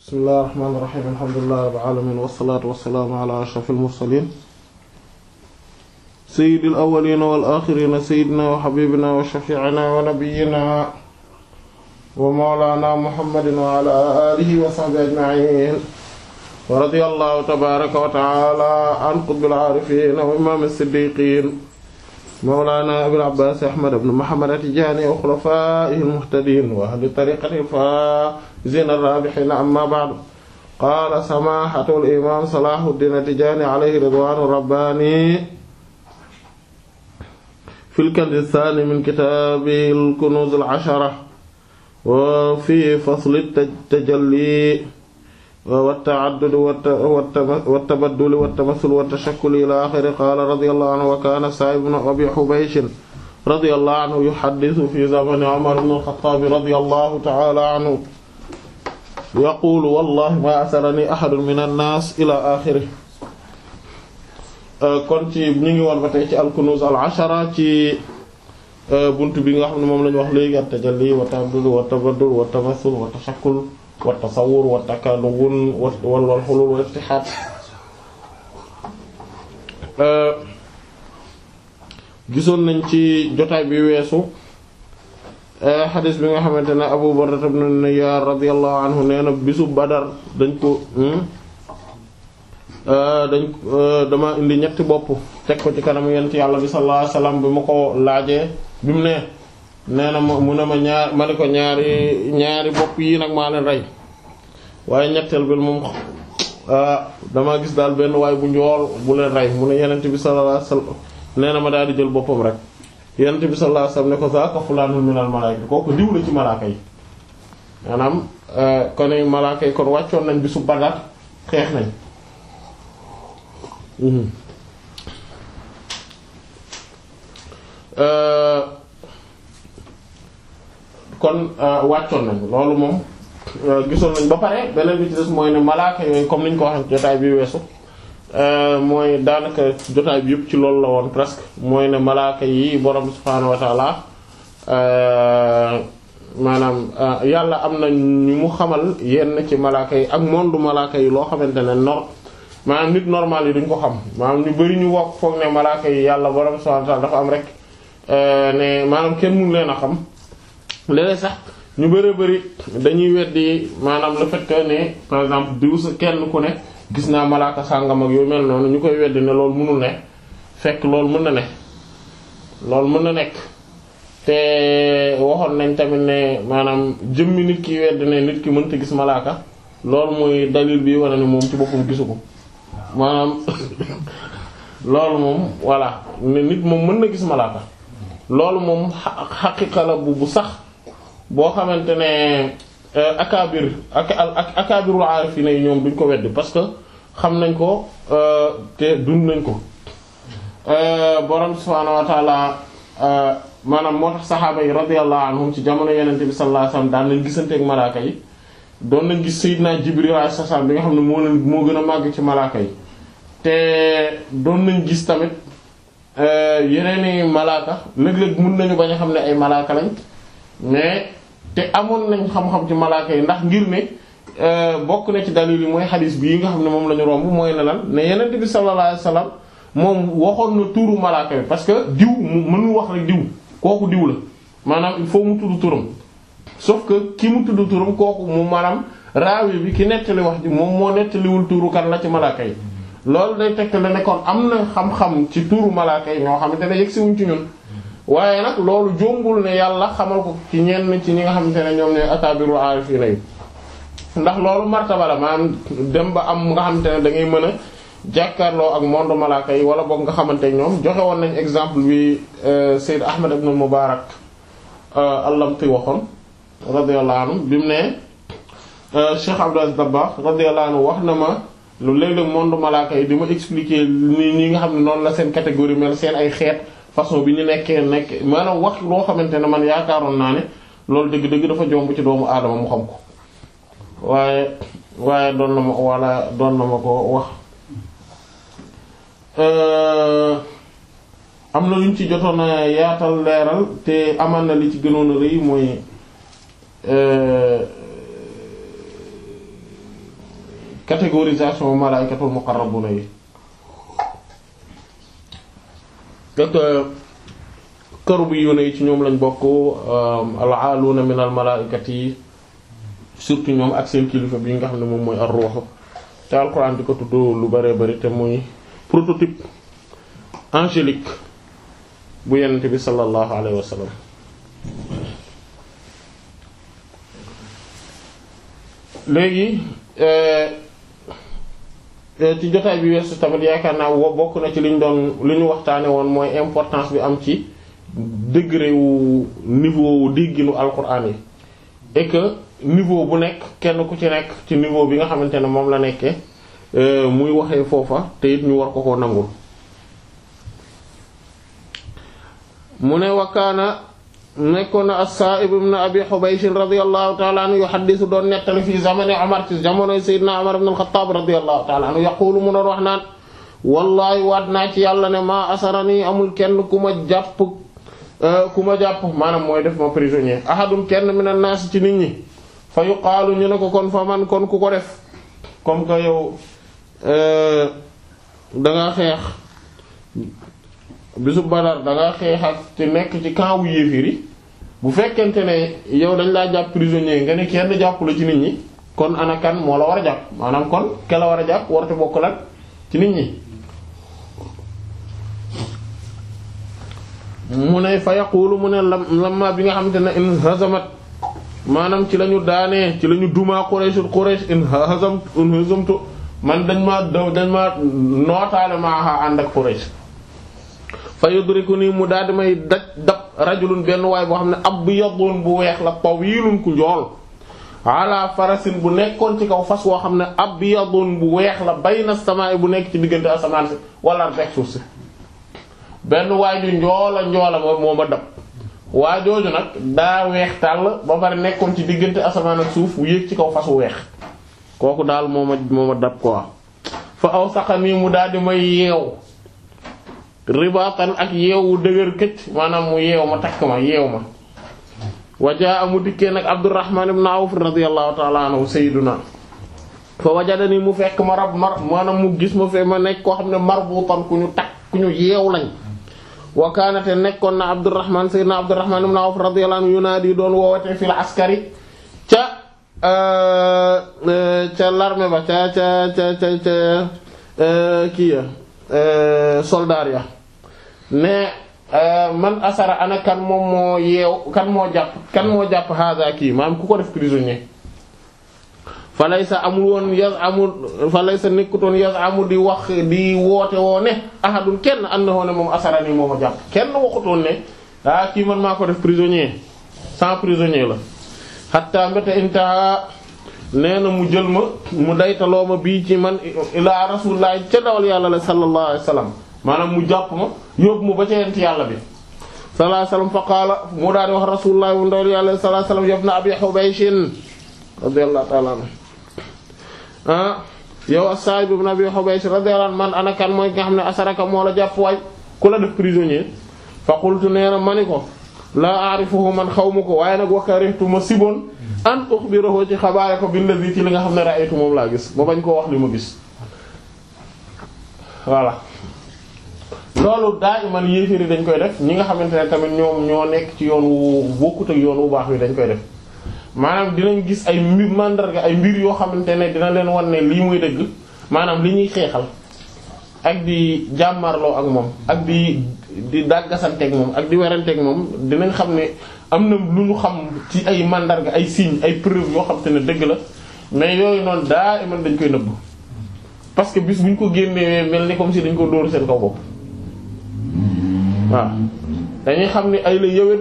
bismillah rahmaani rahiim alhamdulillahi rabbil aalamiin wassalaatu wassalaamu ala ashrafil mursaliin sayyidil awwaliina wal aaxiriina sayyidinaa wa habiibinaa wa shafii'inaa wa nabiyyinaa wa mawlaanaa muhammadin wa ala aalihi wa sahbihi ajma'iin wa radiyallahu tabaaraka wa ta'aalaa an qutbil aarifiin wa imaam as-siddiiqiin mawlana abul abbas ahmad ibn muhammad at-tijani wa khulafaihi al-muhtadin wa ahli tariqati al-faizin ar-rabihin amma ba'd qala samahatu al-imam salahuddin at-tijani alayhi ridwan rabbani fi al-kanz ath-thani min kitabi al-kunuz al-ashara wa fi fasl at-tajalli والتعدد والتبدل والتمثل والتشكل إلى آخره قال رضي الله عنه وكان سعيد بن أبي حبيش رضي الله عنه يحدث في زمن عمر بن الخطاب رضي الله تعالى عنه يقول والله ما أسرني أحد من الناس إلى آخره kon ci ñu ngi woon ba tey ci al-Kunûz al-'Ashara ci buntu bi nga xam ne moom lañu wax léegi at-tajalli wa tabaddul wa tabaddul wa tamathul wa tashakkul wa tasawur wa takallum wal hulul wal ittihad euh, gisoon nañ ci jotaay bi weesu euh, xadis bi nga xamante ne Abu Burda ibn Niyar radiyallahu anhu nee bisu Badar dañ ko hmm? euh, dañ dama indi ñetti bopp teg ko ci kanam yenn ci yàlla bi sallallahu alayhi wasallam bi ma ko laajee bi mu ne nee na ma mu ne ma ñaar ma ne ko ñaari ñaari bopp yi nag maa leen rey waaye ñetteel bi moom ah, damaa gis daal benn waay bu njool bu leen rey mu ne yenent bi sallallahu alayhi wasallam nee na ma daal di jël boppam rek yenent bi sallallahu alayhi wasallam ne ko zaaka fulaanun minal malaa'ika kooku diw la ci malaaka yi maanaam eh, kon malaaka yi kon wàccoon nañ bi su Badar xeex nañ hmm. eh, kon euh, wàccoon nañ loolu moom euh, gisoon nañ ba pare beneen bi ci mooy ne malaaka yooyu comme niñ ko waxee jotaay bi weesu euh, mooy daanaka jotaay bi yëpp ci loolu la woon presque mooy ne malaaka yi borom subhaanahu wa taala maanaam yàlla am na ñu mu xamal yenn ci malaaka yi ak monde malaaka yi loo xamante ne nor maanaam nit normal yi duñ ko xam maanaam ñu bari ñu wokk foog ne malaaka yi yàlla borom subhaanahu wa taala dafa am rek ne maanaam kenn mënu leen a xam léeg sax ñu bëri bëri dañuy weddi maanaam le fait ne par exemple diw sa kenn ku ne gis naa malaaka sàngam ak yooyu mel noonu ñu koy weddi ne loolu mënul ne fekk loolu mën na ne loolu mën na nekk te waxoon nañ tamit ne maanaam jëmmi nit ki weddi ne nit ki mënta gis malaaka loolu mooy dalil bi wane ne moom ci gisu ko maanaam moom ne nit moom mën na gis malaaka loolu moom xaqiqa la bu bu sax boo xamante ne euh, akabir ak akabirul aarifina yi ñoom duñ ko wedd parce que xam nañ ko euh, te dund nañ ko euh, borom subhaanahu wa taala moo tax saxaaba yi radiyallahu anhum ci jamono yenente bi sallallahu alayhi wasallam daan nañ gisanteek malaaka yi doon nañ gis Seydina Jibril alayhi salaam bi nga xam ne moo leen moo gën a màgg ci malaaka yi te doon nañ gis tamit yeneeni malaaka léeg-léeg mën nañu bañ a xam ne ay malaaka lañ mais te amoon nañ xam-xam ci malaaka yi ndax ngir ne euh, bokk na ci dalil yi mooy xadis bi yi nga xam ne moom la ñu romb mooy ne lan ne yenent bi sallallahu alayhi wasallam moom waxoon na tuuru malaaka yi parce que diw mënul wax rek diw kooku diw la maanaam il faut mu tudd turam sauf que ki mu tudd turam kooku mu maanaam raawi bi ki nettali wax ji moom moo nettaliwul tuuru kan la ci malaaka yi loolu day tegte la ne kon am na xam-xam ci tuuru malaaka yi ñoo xamante ne yegg si wuñ ci ñun waaye nag loolu jombul ne yàlla xamal ko ci ñenn ci ñi nga xamante ne ñoom ne akaabiru aarifiina yi ndax loolu martaba la maanaam dem ba am nga xamante ne da mën a jàkkaarloo ak monde malaaka yi wala boog nga xamante ñoom joxe woon nañ exemple bi euh, Seyd Ahmad ibn Mubarak euh, allamti waxoon radiyallahu anhu bi mu ne euh, Cheikh Abdou Aziz Dabakh radiyallahu anhu wax na ma lu léeg-léeg monde malaaka yi di ma expliquer ni ñi nga xam ne noonu la seen catégorie mel seen ay xeet façon bi ñu nekkee nekk maanaam wax loo xamante ne man yaakaaroon naa ne loolu dëgg-dëgg dafa jomb ci doomu aadama mu xam ko waaye waaye doon na ma doon na ko wax euh, am na lu ñu ci jotoon a yaatal leeral te amal na li ci gënoon a rëy mooy euh, catégorisation malaaykatul muqarrabuna yi donc karubiyuuna yi ci ñoom lañ bokk euh, al-aaluuna min al-malaa'ikati yi surtout ñoom ak seen kilifa bi nga xam ne moom mooy ar-ruuh te alxuraan di ko tudd lu baree bari te mooy prototype angélique bu yenente bi sallallahu alayhi wa léegi euh, Eh, ci jotaay bi weesu tamit yaakaar naa wo bokk na ci li ñu doon li ñu waxtaane woon mooy importance bi am ci degré wu niveau wu dégginu alxuraan yi et que niveau bu nekk kenn ku ci nekk ci niveau bi nga xamante ne moom la nekkee eh, muy waxee foofa te it ñu war ko ko nangul mu ne wakkaana nekkoon na as-Sa'ib ibn Abi Hubaysh radiyallahu ta'ala anhu yuhaddisu doon nettali fi zamani Umar ci jamonoy Seydina Umar ibn al-Khattab radiyallahu ta'ala anhu yaqulu mu doon wax naan wallahi waat naa ci yàlla ne maa asarani amul kenn ku ma jàpp euh, ku ma jàpp maanaam mooy def ma prisonnier ahadun kenn min an-nas ci nit ñi fa yuqaalu ñu ne ko kon fa man kon ku ko def comme que yow euh, da xeex bisu badar da nga xeex te nekk ci camp wu yi bu fekkente ne yow dañ laa jàpp prisonnier nga ne kenn jàppula ci nit ñi kon ana moo la war a jàpp maanaam kon ke la war a jàpp warate bokk nag ci nit ñi mu ne fa yaqulu mu ne lamma bi nga xamante ne in hazamat maanaam ci lañu ñu daanee ci la ñu dumaa Quraysh Quraysh in hazam in hazamtu man dañ maa dañ maa nootaale maaxa ànd ak Quraysh fa yudriku nii mu daal di may daj dab rajulun benn waay boo xam ne ab yadun bu weex la tawilun ku njool ala farasin bu nekkoon ci kaw fas woo xam ne ab yadun bu weex la na samaay bu nekk ci diggante asamaan si wala rek suuf si njoola njoola moom moo ma nag daa weex tàll ba pare nekkoon ci diggante asamaan ak suuf yéeg ci kaw fas wu weex kooku daal moo ma moo ma dab quoi fa aw saqa nii mu daal di may yeew ribaatan ak yeewu dëgër këcc maanaam mu yeew ma takk ma yeew ma wajaa amu dikkee nag abdurrahman ibn awf radiyallahu ta'ala anhu sayyiduna fa wajadani mu fekk ma rab mar maanaam mu gis ma fe ma nekk koo xam ne marbuutan ku ñu takk ku ñu yeew lañ wa kaanate nekkoon na abdurrahman sayyiduna abdurrahman ibn awf radiyallahu yunaadi doon woowate fil askari ca euh, euh, ca ba ca ca ca euh, kii ya soldaar ya ne euh, man asara ana kan moom moo yeew kan moo jàpp kan moo jàpp haza kii maanaam ku ko def prisonnier sa amul woon yas amul sa nekkutoon yas amul di wax di woote woo ne ahadun kenn am na woon ne moom asara nii moo ma jàpp kenn waxutoon ne ah kii man maa ko def prisonnier sans prisonnier la hatta mbete intaha nee na mu jël ma mu daytaloo ma bii ci man ilaa rasulullah ca dawal yàlla la sallallahu alayhi wasallam maanaam mu jàpp ma yóbbu ma yàlla bi sallallahu alayhi wasallam fa wax rasulullah bu ndaw yàlla sallallahu alayhi wasallam yabna abi hubaysh radiyallahu ta'ala anhu ah man ana kan mooy nga xam ne asaraka moo la jàpp waay ku la def prisonnier fa qultu nee na ma ni ko laa a'rifuhu man xaw ma ko waaye nag wa karihtu ma siboon an ukhbirahu ci xabaare ko billazi ci li nga xam ne ra'aytu moom laa gis ba bañ koo wax li ma gis voilà loolu daa man yéeféer yi dañ koy def ñi nga xamante ne tamit ñoom ñoo nekk ci yoon wu bokkut ak yoon wu baax wi dañ koy def maanaam dinañ gis ay mbir màndarga ay mbir yoo xamante ne dina leen wan lii muy dëgg maanaam li ñuy xeexal ak di jàmmarloo ak moom ak di di dàggasanteeg moom ak di weranteeg moom dinañ xam ne am na lu ñu xam ci ay màndarga ay signes ay preuves yoo xam te ne dëgg la mais yooyu noonu daa man dañ koy nëbb parce que bis bu ñu ko génnee mel ni comme si dañ ko dóor seen kaw bopp waaw dañuy xam ni ay la yëwén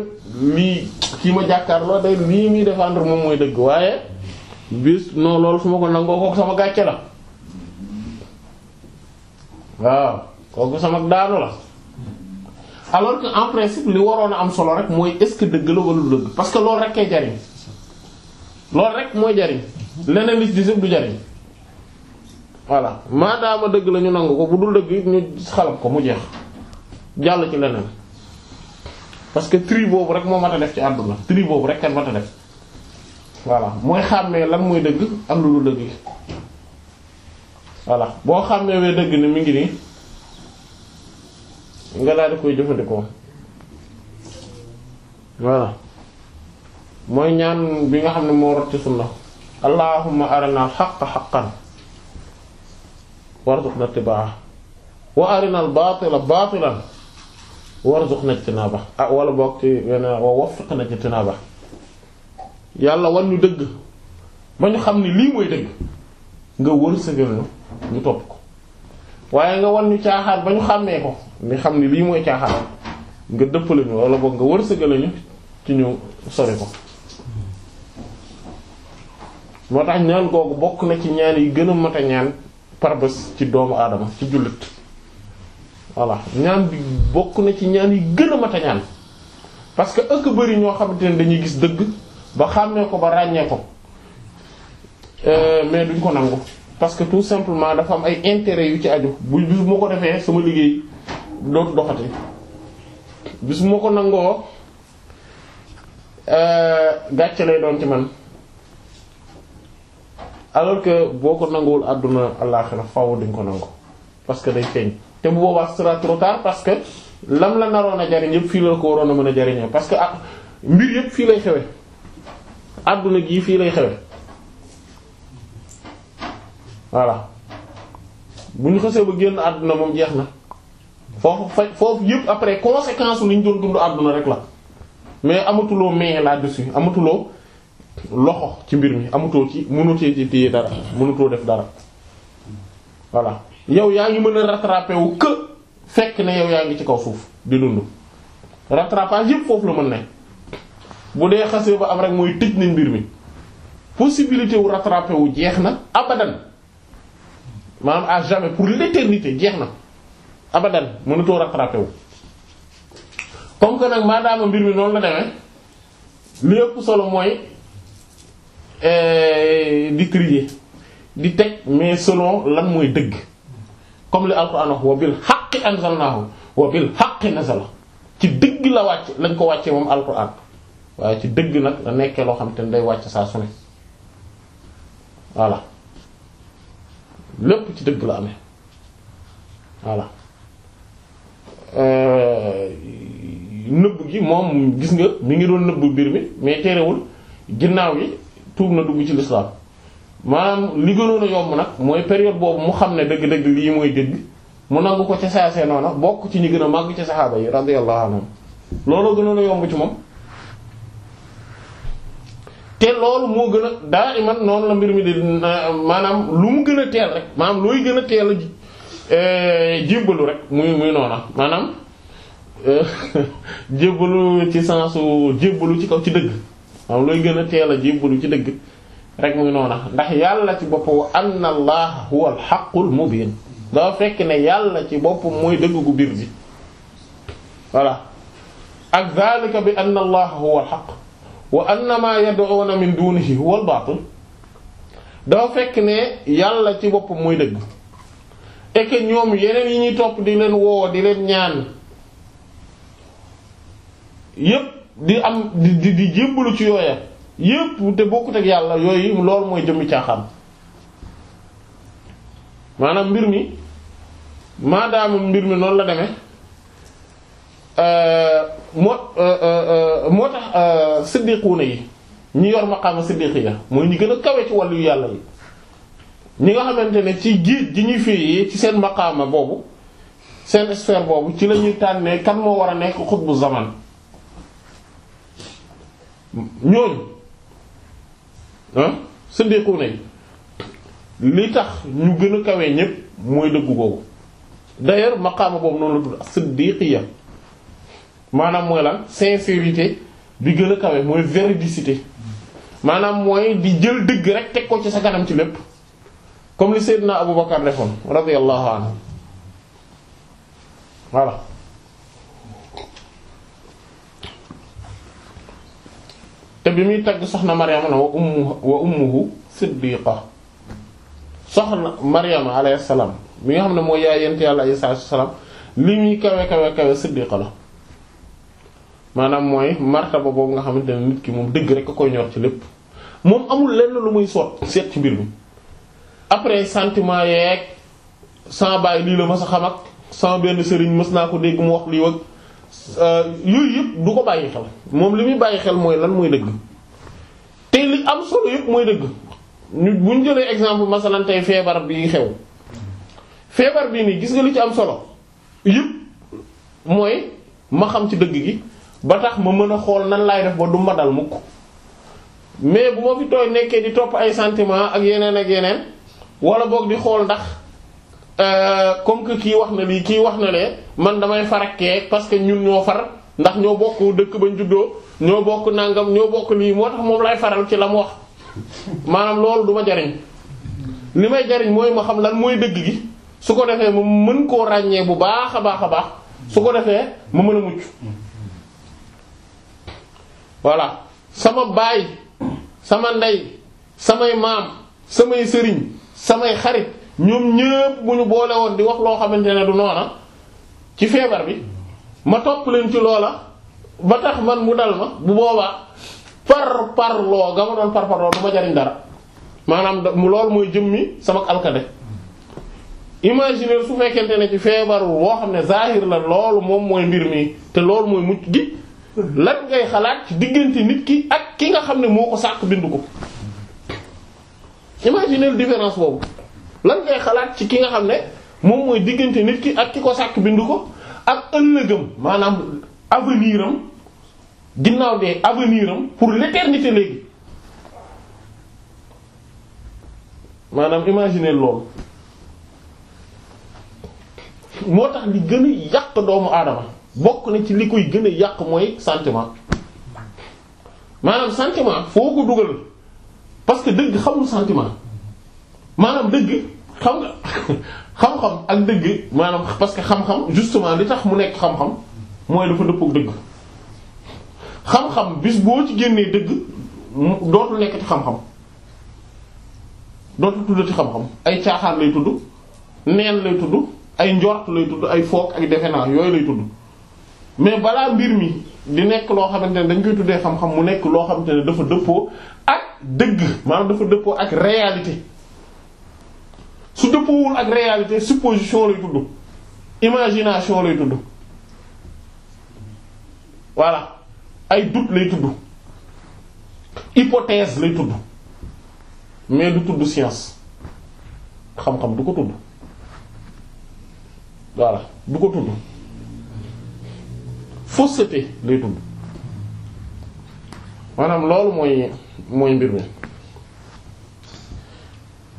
lii kii ma jàkkaarloo day lii muy défendre moom mooy dëgg waaye bis non loolu su ma ko nangoo kooku sama gàcce la waaw kooku sama daanu la alors que en principe li waroon a am solo rek mooy est-ce dëgg la wala du dëgg parce que loolu rek kay jariñ loolu rek mooy jariñ leneen li ci des du jariñ voilà maadaama dëgg lañu nangoo nangu ko bu dul dëgg ñu xalab ko mu jeex jàll ci leneen parce que tri boobu rek moo mat a def ci àdduna tri boobu rek kan mat a def voilà mooy xàmmee lan mooy dëgg ak lu dëgg voilà boo xàmmee wee dëgg ni mu ngi nii nga koy jëfandikoo mooy ñaan bi nga xam ne moo rot ci sunna allahumma arinal xaqa xaqan warzuqna ittibaa'a wa arinal baatila baatilan warzuqna ijtinaaba ah wala bokk ci wa waffiqna ijtinaaba yàlla wan ñu dëgg ba ñu xam ne lii mooy dëgg nga wërsëgal ñu ñu topp ko waaye nga wan ñu caaxaan ba ñu xàmmee ko ni xam ni lii mooy caaxaan nga dëppale ñu wala boog nga sa ñu ci ñu sori ko moo tax ñaan googu bokk na ci ñaan yi gën a mat ci doomu aadama ci jullit voilà ñaan bi bokk na ci ñaan yi gën a mat a ñaan parce que ëkk bëri ñoo xamante ne dañuy gis dëgg ba xàmmee ko ba ràññee ko euh, mais duñ ko nangu parce que tout simplement dafa am ay intérêt yu ci aju bu bis bu ma ko defee sama liggéey dootu doxati bis bu ma ko nangoo euh, gàcce lay doon ci man alors que boo ko nanguwul àdduna àllaaxira faaw dañ ko nangu parce que day feeñ te bu boobaa ce trop tard parce que lam la naroon a jariñ yëpp fii la ko waroon a mën a jariñoo parce que ah mbir yëpp fii lay xewe àdduna gii fii lay xewe voilà bu ñu xasee ba génn àdduna moom jeex na foofu fa foofu yëpp après conséquence li ñu doon dund àdduna rek la mais amatuloo mais là-dessus amatuloo loxo ci mbir mi amatoo ci mënutoo ci téye dara mënutoo def dara voilà yow yaa ngi mën a rattrapé wu que fekk ne yow yaa ngi ci kaw suuf di dund rattrapage yëpp foofu la mën ne bu dee xasee ba am rek mooy tëj na mbir mi possibilité wu rattrapé wu jeex na abadan maanaam à jamais pour l'éternité jeex na abadan mënatoo rattrapé wu. comme que nag maadaama mbir mi noonu la demee li ëpp solo mooy eh, di trier di teg mais selon lan mooy dëgg. comme li alquran wax wa bil haqqi anzalnahu wa bil haqqi nazala ci dëgg la wàcc lañ ko wàccee moom alquran waaye ci dëgg nag la nekkee loo xam te ne day wàcc saa su ne voilà lépp ci dëgg la amee voilà euh, nëbb gi moom gis nga mu ngi doon nëbb mbir mi mais terewul ginnaaw yi tuub na dugg ci lislaam maanaam li gënoon a yomb nag mooy période boobu mu xam ne dëgg-dëgg lii mooy dëgg mu nag ko ca saasee noona bokk ci ñu gën a màgg ci saxaaba yi radiyallahu anhum looloo gënoon a yomb ci moom te loolu moo gën a daa man noonu la mbir mi di maanaam lu mu gën a teel rek maanaam looy gën a teel a eh, jébbalu rek muy muy maanaam eh, jébbalu ci sensu jébbalu ci kaw ci dëgg maanaam looy gën a teel a jébbalu ci dëgg rek muy noona ndax yàlla ci bopp wa anna allah huwa al fekk ne yàlla ci bopp mooy dëgg bi ak zalika bi anna allah huwa al haqq wa anna ma yad'una min dunihi huwa al batil fekk ne yàlla ci bopp mooy dëgg et ñoom yeneen yi ñu topp di leen woo di leen ñaan yépp di am di di jébbalu ci yooya yépp te bokkut ak yàlla yooyu loolu mooy jëmmi caaxaan maanaam mbir mi maadaama mbir mi noonu la deme euh, moo euh, euh, moo tax siddiquuna yi ñi yor maqaama siddiqiya mooy ñi gën a kawe ci wàllu yàlla yi ñi nga xamante ne ci géej gi ñuy féeyee ci seen maqaama boobu seen sphère boobu ci lañuy tànnee kan moo war a nekk xutbu zaman ñooñu ah siddiquuna yi li tax ñu gën a kawee ñépp mooy dëggu googu d'ailleurs maqaama boobu noonu la tudd siddiqiya maanaam mooy lan sincérité bi gën a kawe mooy véridicité maanaam mooy di jël dëgg rek teg ko ci sa kanam ci lépp comme li Seydina Abubakar defoon radiyallahu anhu voilà te bi muy tagg soxna Maryama na wa ummu wa ummuhu siddiqa soxna Maryama alayhi salaam bi nga xam ne mooy yaay yent yàlla alayhi salaam li muy kawe kawe kawe siddiqa la maanaam mooy martaba boobu nga xamante ne nit ki moom dëgg rek a ko ñor ci lépp moom amul lenn lu muy soot seet ci mbir mi après sentiment yeeg sans bàyyi lii la ma sa xam ak sans benn sëriñ mës naa ko dégg mu wax lii wëg Euh, yooyu yëpp du ko bàyyi xel moom li muy bàyyi xel mooy lan mooy dëgg te li am solo yëpp mooy dëgg ñu bu ñu jëlee exemple masalan tey feebar bi xew feebar bii nii gis nga li ci am solo yëpp mooy ma xam ci dëgg gi ba tax ma mën a xool nan laay def ba du ma mukk mais bu ma fi tooy nekkee di topp ay sentiment ak yeneen ak yeneen walla boog di xool ndax. Euh, comme que kii wax na lii kii wax na lee man damay farakkee parce que ñun ñoo far ndax ñoo bokk dëkk bañ juddoo ñoo bokk nangam ñoo bokk lii moo tax moom lay faral ci la mu wax maanaam loolu duma ma jariñ li may jariñ mooy ma xam lan mooy dëgg gi su ko defee ma mën koo ràññee bu baax a baax a baax su ko defee ma mën a mucc voilà sama baay sama ndey samay maam samay sëriñ samay xarit ñoom ñëpp bu ñu boole woon di wax loo xamante ne du noona ci feebar bi ma topp leen ci loola ba tax man mu dal ma bu boobaa par par loo ga ma doon par par loo du ma jariñ dara maanaam mu loolu mooy jëmmi sama alkade imaginer su fekkente ne ci feebaru woo xam ne zahir la loolu moom mooy mbir mi te loolu mooy mucc gi lan ngay xalaat ci diggante nit ki ak ki nga xam ne moo ko sàkk bind ko imaginer différence boobu lan ngay xalaat ci ki nga xam ne moom mooy diggante nit ki ak ki ko sàkk bindu ko ak ëllëgam maanaam avenir am ginnaaw dee avenir am pour l'éternité léegi maanaam imaginer loolu moo tax li gën a yàq doomu aadama bokk na ci li koy gën a yàq mooy sentiment maanaam sentiment foo ko dugal parce que dëgg xamul sentiment maanaam dëgg xam nga xam-xam ak dëgg maanaam parce que xam-xam justement li tax mu nekk xam-xam mooy dafa dëppoo dëgg xam-xam bis boo ci génnee dëgg dootul nekk ci xam-xam dootul tudd ci xam-xam ay caaxaan lay tudd neen lay tudd ay njort lay tudd ay foog ak defe naa yooyu lay tudd mais balaa mbir mi di nekk loo xamante ne dañ koy tuddee xam-xam mu nekk loo xamante ne dafa dëppoo ak dëgg maanaam dafa dëppoo ak réalité su dëppoowul ak réalité supposition lay tudd imagination lay tudd voilà ay doute lay tudd hypothèse lay tudd mais du tudd science xam-xam du ko tudd voilà du ko tudd fausseté lay tudd maanaam loolu mooy mooy mbir mi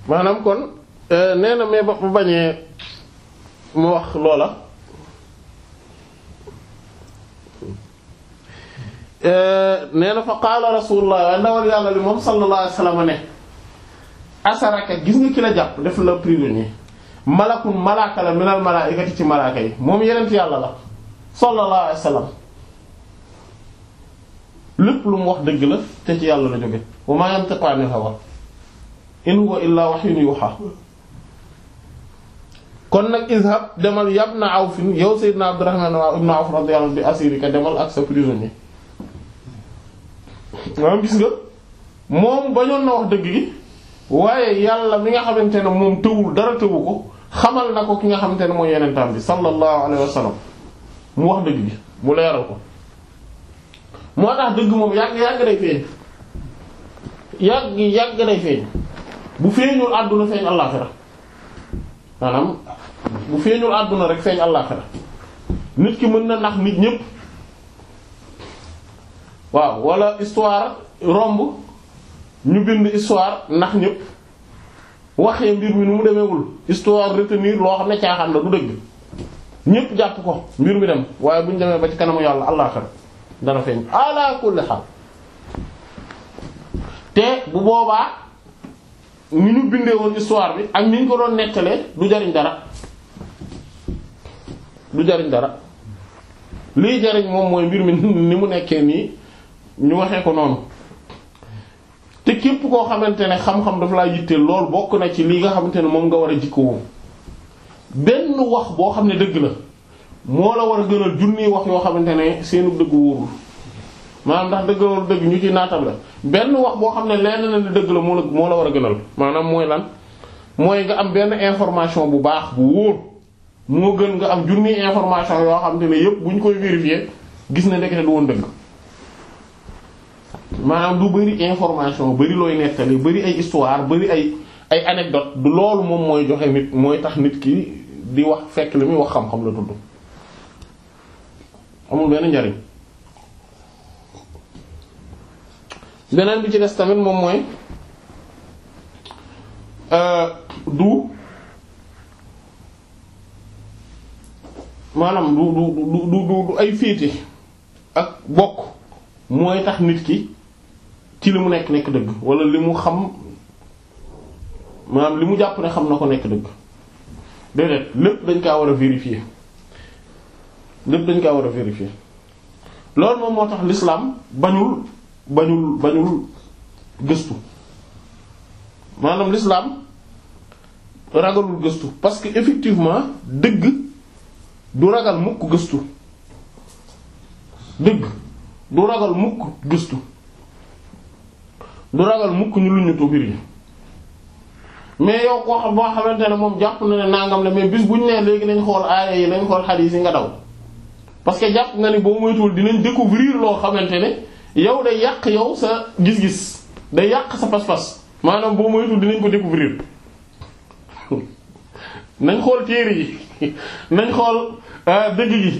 maanaam kon Euh, nee na mais ba bañee mu wax loola euh, nee na fa qaala rasulullah waaye ndawal yàlla li moom sallallahu alayhi wasallam ne asaraka gis nga ki la jàpp def la prisonnier malakun malaaka la minal malaa'ikati ci malaaka yi moom yeneen yàlla la sallallahu alayhi wasallam lépp lu mu wax dëgg la te ci yàlla la jóge wa ma yantiqu anil hawa in huwa illa wahyun yuha kon nag izhab demal yabna Awf yow Seydina Abdurrahman ibn Awf radiyallahu anhu bi asirika demal ak sa prisonnier maanaam gis nga moom bañoon na wax dëgg gi waaye yàlla mi nga xamante ne moom tëwul dara tëwu ko xamal na ko ki nga xamante ne mooy yenentaam bi sallallahu alayhi wa mu wax dëgg gi mu leeral ko moo tax dëgg moom yàgg yàgg day feeñ yàgg yàgg day feeñ bu feeñul àdduna feeñ àllaaxira maanaam bu feeñul àdduna rek feeñ àllaaxira nit ki mën na nax nit ñépp waaw wala histoire romb ñu bind histoire nax ñépp waxee mbir mi nu mu demeewul histoire retenir loo xam ne caaxaan la du dëgg ñépp jàpp ko mbir mi dem waaye bu ñu demee ba ci kanamu yàlla àllaaxira dana feeñ ala kulli xaal te bu boobaa ni ñu bindee woon histoire bi ak ni ñu ko doon nettalee du jariñ dara du jariñ dara liy jariñ moom mooy mbir mi ni mu nekkee nii ñu waxee ko noonu te képp koo xamante ne xam-xam dafa laa yitteel lool bokk na ci li nga xamante ne moom nga war a jikkoo benn wax boo xam ne dëgg la moo la war a gënal junni wax yoo xamante ne seenu dëgg wóorul maanaam ndax dëgg la dëgg ñu ci naatam la benn wax boo xam ne lenn na ne dëgg la moo la moo la war a gënal maanaam mooy lan mooy nga am benn information bu baax bu wóor moo gën nga am junni information yoo xam ne yépp bu ñu koy vérifier gis na ndekete lu woon dëgg maanaam du bari information bari looy nettali bari ay histoire bëri ay ay anecdote du loolu moom mooy joxe nit mooy tax nit ki di wax fekk la muy wax xam-xam la tudd amul benn njariñ beneen bi ci des tamit moom mooy euh, du maanaam du du du du du ay féete ak bokk mooy tax nit ki ci li mu nekk nekk dëgg wala li mu xam maanaam li mu jàpp ne xam na ko nekk dëgg déedéet lépp dañ kaa war a vérifier lépp dañ kaa war a vérifier loolu moom moo tax l'islam bañul bañul bañul gëstu maanaam lislaam ragalul gëstu parce que effectivement dëgg du ragal mukk gëstu dëgg du ragal mukk gëstu du ragal mukk ñu lu ñu tubir yi mais yow koo xam boo xamante ne moom jàpp na ne nangam la mais bis bu ñu nee léegi nañ xool aaya yi nañ xool xadiis yi nga daw parce jàpp nga ni boo moytuwul dinañ découvrir loo xamante ne yow day yàq yow sa gis-gis day yàq sa pas-pas maanaam boo moytu dinañ ko découvrir nañ xool téere yi nañ xool euh, dëgg gi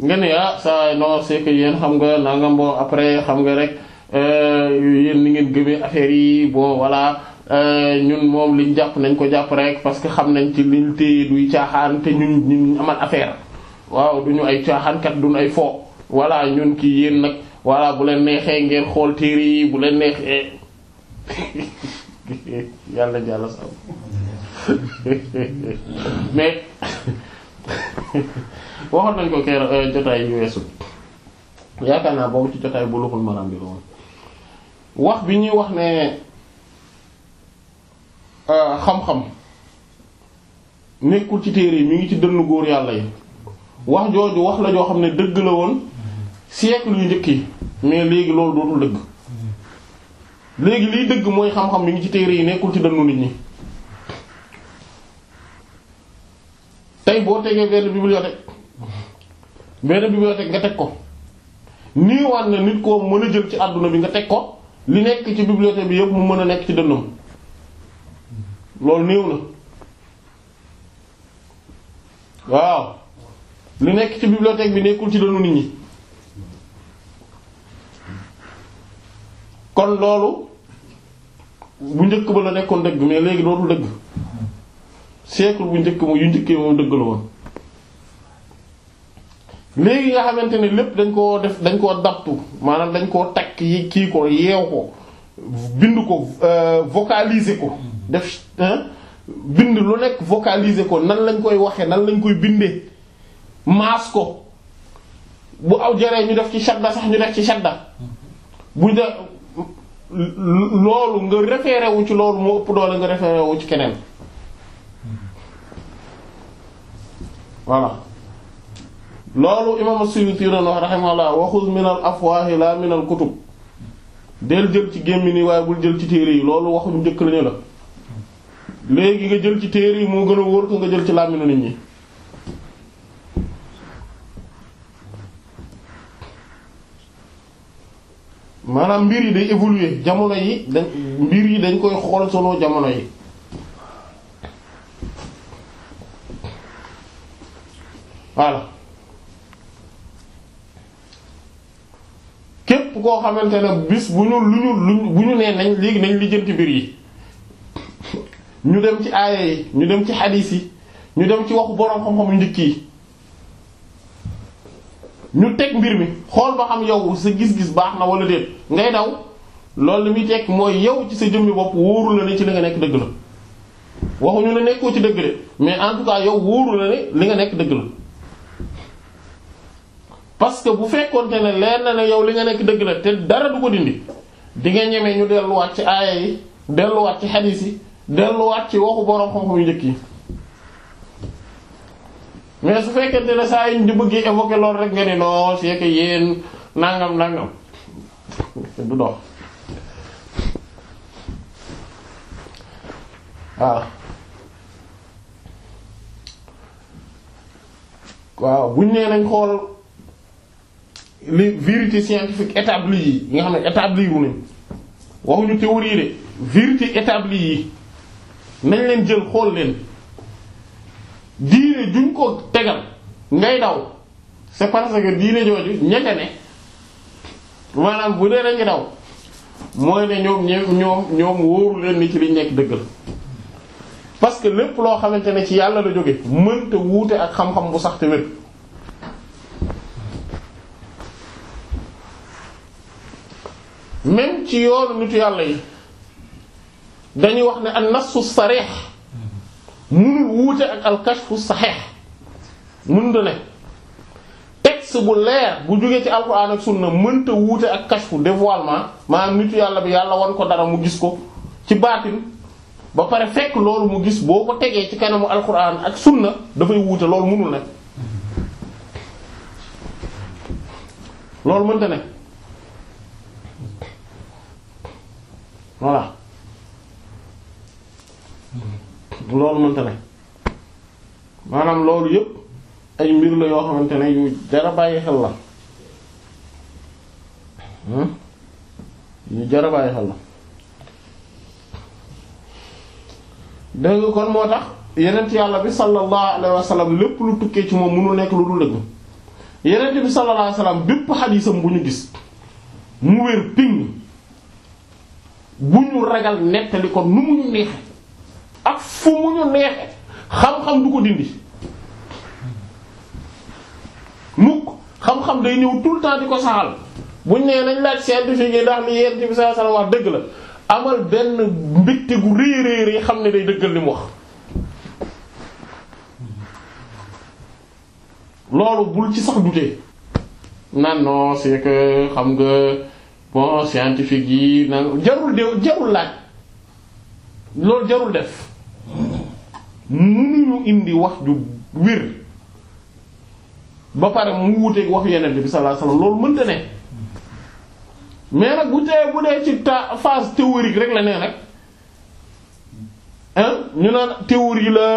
nga ne ah ça non c'est que yéen xam nga naa nga bon après xam nga rek euh, yéen ni ngeen gëmee affaire yi bon voilà euh, ñun moom liñ jàpp nañ ko jàpp rek parce que xam nañ ci liñ téye duy caaxaan te ñun ñun amal affaire waaw duñu ay caaxaankat duñu ay fo voilà ñun kii yéen nag. voilà bu leen neexee ngeen xool téere yi bu leen neexee yàlla jàlla sam mais waxoon nañ ko keer euh, jotaay yu weesu yaakaar naa boobu ci jotaay bu luxul maram bi loolu wax bi ñuy wax ne euh, xam-xam nekkul ci téere yi mi ngi ci dënn góor yàlla yi wax jooju wax la joo xam ne dëgg la woon siècle yu njëkk yi mais léegi loolu dootul dëgg léegi liy dëgg mooy xam-xam bi ngi ci téere yi nekkul ci dënnu nit ñi tey boo tegee benn bibliothèque benn bibliothèque nga teg ko nii na nit ko mën a jël ci àdduna bi nga teg ko li nekk ci bibliothèque bi yépp mu mën a nekk ci dënnam loolu néew na waaw li nekk ci bibliothèque bi nekkul ci dënnu nit ñi kon loolu bu njëkk ba la nekkoon dëgg mais léegi dootul dëgg siècle bu njëkk yu njëkkee moom dëgg la woon léegi nga xamante ne lépp dañ koo def dañ koo daptu maanaam dañ koo takk yi kii ko yeew ko bind ko euh, vocaliser ko def bind lu nekk vocaliser ko nan lañ koy waxee nan lañ koy bindee maas ko bu aw jaree ñu def ci shadda sax ñu def ci shadda bu da loolu nga référé wu ci loolu moo ëpp doole nga référé wu ci keneen voilà loolu imaam as-Suyuti doon wax rahimahullah wa khudh min al afwaahi la min al kutub del jël ci gémmiñ yi waaye bul jël ci téere yi loolu waxuñu njëkk lañu la léegi nga jël ci téere yi moo gën a wóor ko nga jël ci làmmiñu nit ñi maanaam mbir yi day évoluer jamono yi dañ mbir yi dañ koy xool solo jamono yi voilà képp koo xamante ne bis bu ñu lu ñu bu ñu nee nañ léegi nañ lijjanti mbir yi ñu dem ci aaya yi ñu dem ci xadiis yi ñu dem ci waxu boroom xam-xamu njëkk yi ñu teg mbir mi xool ba xam yow sa gis-gis baax na wala déet ngay daw loolu li muy tekk mooy yow ci sa jëmmi bopp wóoru la ne ci li nga nekk dëgg la waxuñu ne nekkoo ci dëgg mais en tout cas yow wóoru la li nga nekk dëgg parce que bu fekkoonte ne leer na ne yow li nga nekk dëgg la te dara du ko dindi di nga ñemee ñu delluwaat ci aaya yi delluwaat ci xadiis yi delluwaat ci waxu boroom xam njëkk yi mais su fekkente ne saa yi ñu bëggee évoquer lool rek nga ne non c'est que yéen nangam nangam du dox ah. waaw waaw buñ nee nañ xool les vérités scientifiques établies yi nga xam ne établi wu nañ waxuñu théorie de vérité établie yi nañ leen jël xool leen. diine juñ ko tegal ngay daw c'est parce que diine jooju ñette ne maanaam bu dee dañu daw mooy ne ñoom ñoom wóoru leen ni ci liñ nekk dëgg la parce que lépp loo xamante ne ci yàlla la jóge mënta wuute ak xam-xam bu sax te wér même ci yoonu nitu yàlla yi dañuy wax ne an nassu sarih munul wuute ak alkashfu saxiix mënta ne texte bu leer bu jógee ci alxuraan ak sunna mënta wuute ak kashfu dévoilement maanaam nitu yàlla bi yàlla wan ko dara mu gis ko ci baatin ba pare fekk loolu mu gis boo ko tegee ci kanamu alxuraan ak sunna dafay wuute loolu mënul ne loolu mënta ne voilà loolu mënta ne maanaam loolu yëpp ay mbir la yoo xamante ne yu jara bàyyi xel la hmm? yu jara xel la dégg kon moo tax yenent yàlla bi sallallahu alayhi wa sallam lépp lu tukkee ci moom mënul nekk lu dul dëgg yenent bi sallallahu alayhi bépp xadiisam bu ñu gis mu wér ping bu ñu ragal nettali ko nu mu ñu neexe ak fu mu ñu xam-xam du ko dindi mukk xam-xam day ñëw tout le temps di ko saxal buñ nee nañ laaj scientifique yi ndax li yéen ci bi sallallahu alayhi wasallam dëgg la amal benn mbégte gu réeréer yi xam ne day dëggal di mu wax loolu bul ci sax dutee nan non c'est que xam nga bon scientifique yi nan jarul de jarul laaj loolu jarul def mënuñu indi wax ju wér ba pare mu wuteeg wax yeneen bi sallallahu alayhi wasallam loolu mënta ne mais nag bu tee bu dee ci ta phase théorique rek la nee nag ah ñu naan théorie la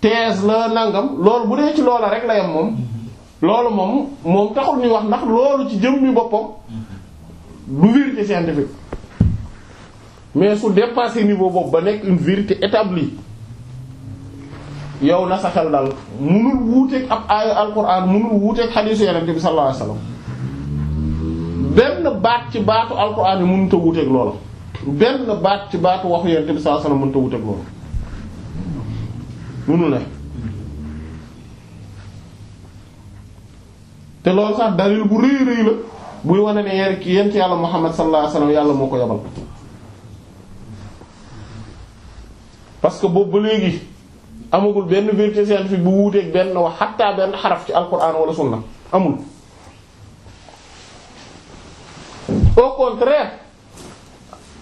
thèse la nangam loolu bu dee ci loola rek la yem moom loolu moom moom taxul ñuy wax ndax loolu ci jëm mi boppam du vérité scientifique mais su dépasser niveau boobu ba nekk une vérité établie na sa xel dal munul wuuteeg ab aaya alquran munul wuuteeg xadiisu yonent bi sallallahu alayhi wasallam benn baat ci baatu alquran yi mënut a wuuteeg benn baat ci baatu waxu yonent bi sallallahu alayhi wasallam mënut a wuuteeg loola munul ne te loolu sax dalil bu rëy rëy la buy wane ne yéen ci yàlla Muhammad sallallahu alayhi wasallam yàlla moo ko yabal. parce que boobu ba léegi amagul benn vérité scientifique bu wuuteeg benn wax xattaa benn xaraf ci alquran wala sunna amul au contraire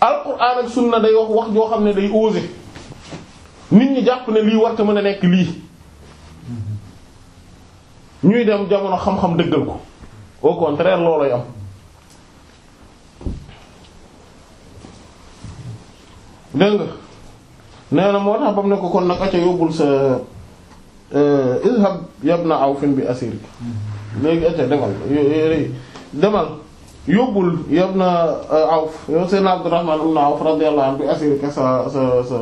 alquran ak sunna day wax wax joo xam ne day oser nit ñi jàpp ne lii warta mën a nekk lii ñuy dem jamono xam-xam dëggal ko au contraire loolay am dégg nee na moo tax ba mu ne ko kon nag aca yóbbul sa euh, izhab yabna awfin bi asirik mm-hmm. léegi aca demal demal yóbbul yabna euh, awf yow seen abdurrahman ibn awf radiyallahu bi asirika sa sa sa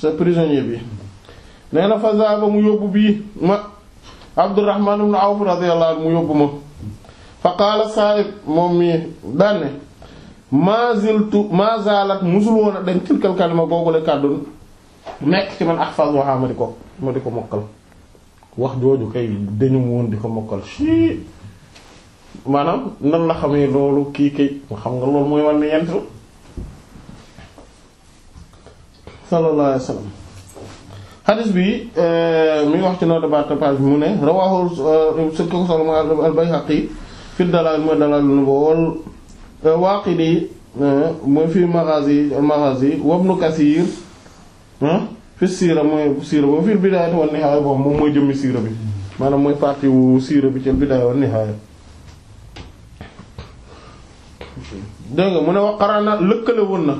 sa prisonnier bi mm-hmm. nee fa zaaba mu yóbbu bii ma abdurrahman ibn awf radiyallahu mu yóbbu ma fa qaala saa'ib moom mi daane maziltu mazalat musul woon a dañ tilkal kalima googule kàddu nekk ci man ahfazuha ma di ko ma di ko mokkal wax jooju kay dañu woon di ko mokkal si maanaam nan la xamee loolu kii kay xam nga loolu mooy war ne yent sallallahu alayhi wasallam bi eh, mi wax ci note bata page mu ne rawahu sëkk eh, ko solo ma al-Bayhaqi fi dalal mooy dalal nu bool Euh, Waaqidi euh, mooy fii Maghazi Maghazi wa Ibn Kathir fi siira mooy siira boobu fii Bidaaya wa Nihaaya boobu moom mooy jëmmi siira bi maanaam mooy partie wu siira bi ci Bidaaya wa Nihaaya dégg nga mu ne wax qarana lëkkale woon na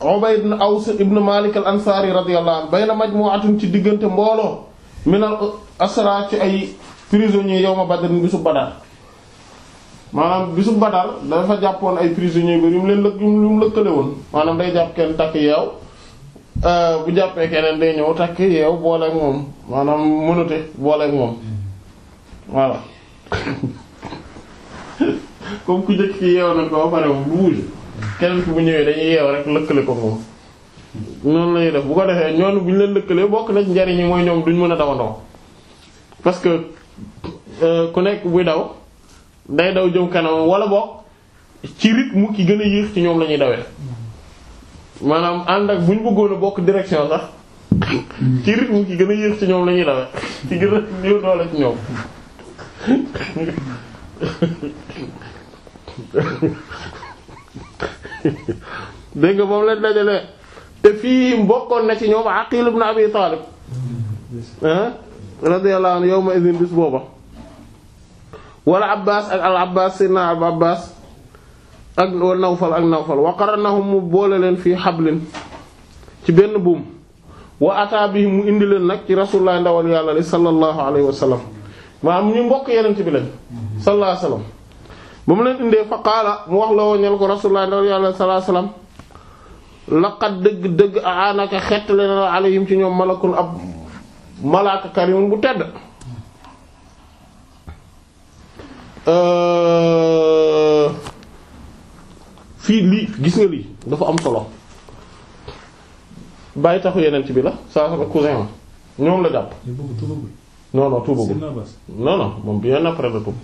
Ubayd ibn Aws ibn Malik al bay na anhu bayna majmu'atin ci diggante mbooloo min al asra ci ay prisonniers yawma Badr bisu Badar maanaam bisu Badar dafa jàppoon ay prisonniers bi mu leen lëkk yu mu lëkkale woon maanaam day jàpp kenn takk yeew euh, bu jàppee keneen day ñëw takk yeew booleeg moom maanaam mënute booleeg moom voilà comme ku njëkk ki yeew nañ ko ba pare bu wuuj keneen ki bu ñëwee dañuy yeew rek lëkkale ko moom noonu lañuy def bu ko defee ñoonu bu ñu leen lëkkalee bokk nañ ci njariñ yi mooy ñoom duñ mën a dawandoo parce que euh, ku nekk buy daw day daw jëm kanam wala boog ci rythme ki gën a yéex ci ñoom lañuy ñuy dawee maanaam ànd ak bu bëggoon a bokk direction sax ci rythme ki gën a yéex ci ñoom lañuy ñuy dawee ci gën a néew doole ci ñoom dégg nga moom la dajale te fii mbokkoon na ci ñoom Aqil ibn Abi Talib mm-hmm. ah, radiyallahu anhu yow idhin bis booba wala Abbas ak al Abbas Seydina al Abbas ak Nawfal ak Nawfal wa qarnahum mu boole leen fii xablin ci benn buum wa ataa bi mu indi leen nag ci rasulullah ndawal yàlla li sallallahu alayhi wa sallam maanaam ñu mbokk yeneen bi lañ sallallahu alayhi wa sallam ba mu leen indee fa qaala mu wax la woo ñel ko rasulullah ndawal yàlla sallallahu alayhi wa sallam laqad dëgg dëgg aanaka xett leen alayhim ci ñoom malakun ab malaaka karimun bu tedd Euh, fii lii gis nga lii dafa am solo bàyyi taxu yeneen bi la saa sama cousin ma ñoom la jàpp. non non tuubagul non non moom après la tuub.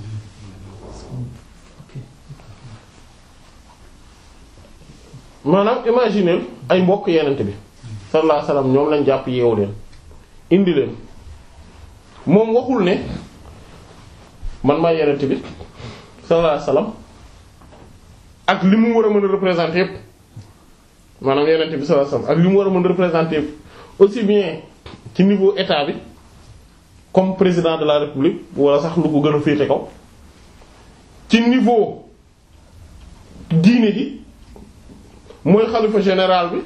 maanaam imaginer ay mbokk yenente bi sallallahu alayhi ñoom lañ jàpp yeewu leen indi leen moom waxul ne. man maay yenente bi sallallahu alayhi wasallam ak li mu war a mën a représenter yëpp maanaam yenente bi sallallahu alayhi wasallam ak li mu war a mën a représenter yëpp aussi bien ci niveau état bi comme président de la république wala sax lu ko gën a féete kaw ci niveau diine ji mooy xalifa général bi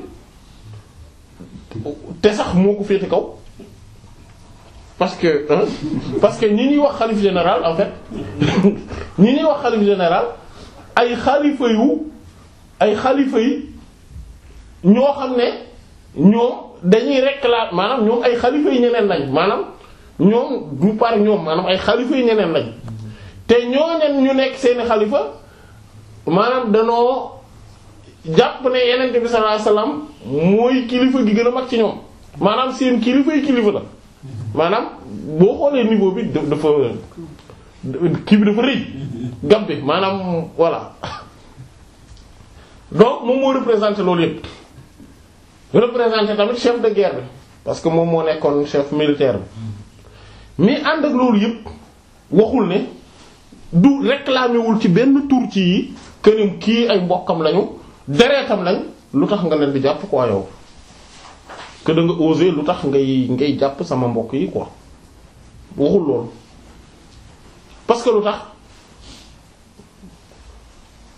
te sax moo ko féete kaw parce que parce que ñi ñuy wax xalif général en fait ñi ñuy wax xalif général ay xalifa yu ay xalifa yi ñoo xam ne ñoom dañuy réclamer maanaam ñoom ay xalifa yi ñeneen lañ maanaam ñoom du ñoom maanaam ay xalifa yi ñeneen lañ te ñoo ñu nekk seeni xalifa maanaam danoo jàpp ne yeneen bi sallallahu alayhi wasallam mooy kilifa gi gën a mag ci ñoom maanaam seen kilifa yi kilifa la maanaam boo xoolee niveau bi dafa kii bi dafa rëy gab bi maanaam voilà donc moom moo représenté loolu yépp représenté tamit chef de guerre bi parce que moom moo nekkoon chef militaire bi mais ànd ak loolu yépp waxul ne du réclamé wul ci benn tur ci yi kënim kii ay mbokkam lañu deretam lañ lu tax nga leen bi jàpp quoi yow que da nga lu tax ngay ngay jàpp sama mbokk yi quoi waxul loolu parce que lu tax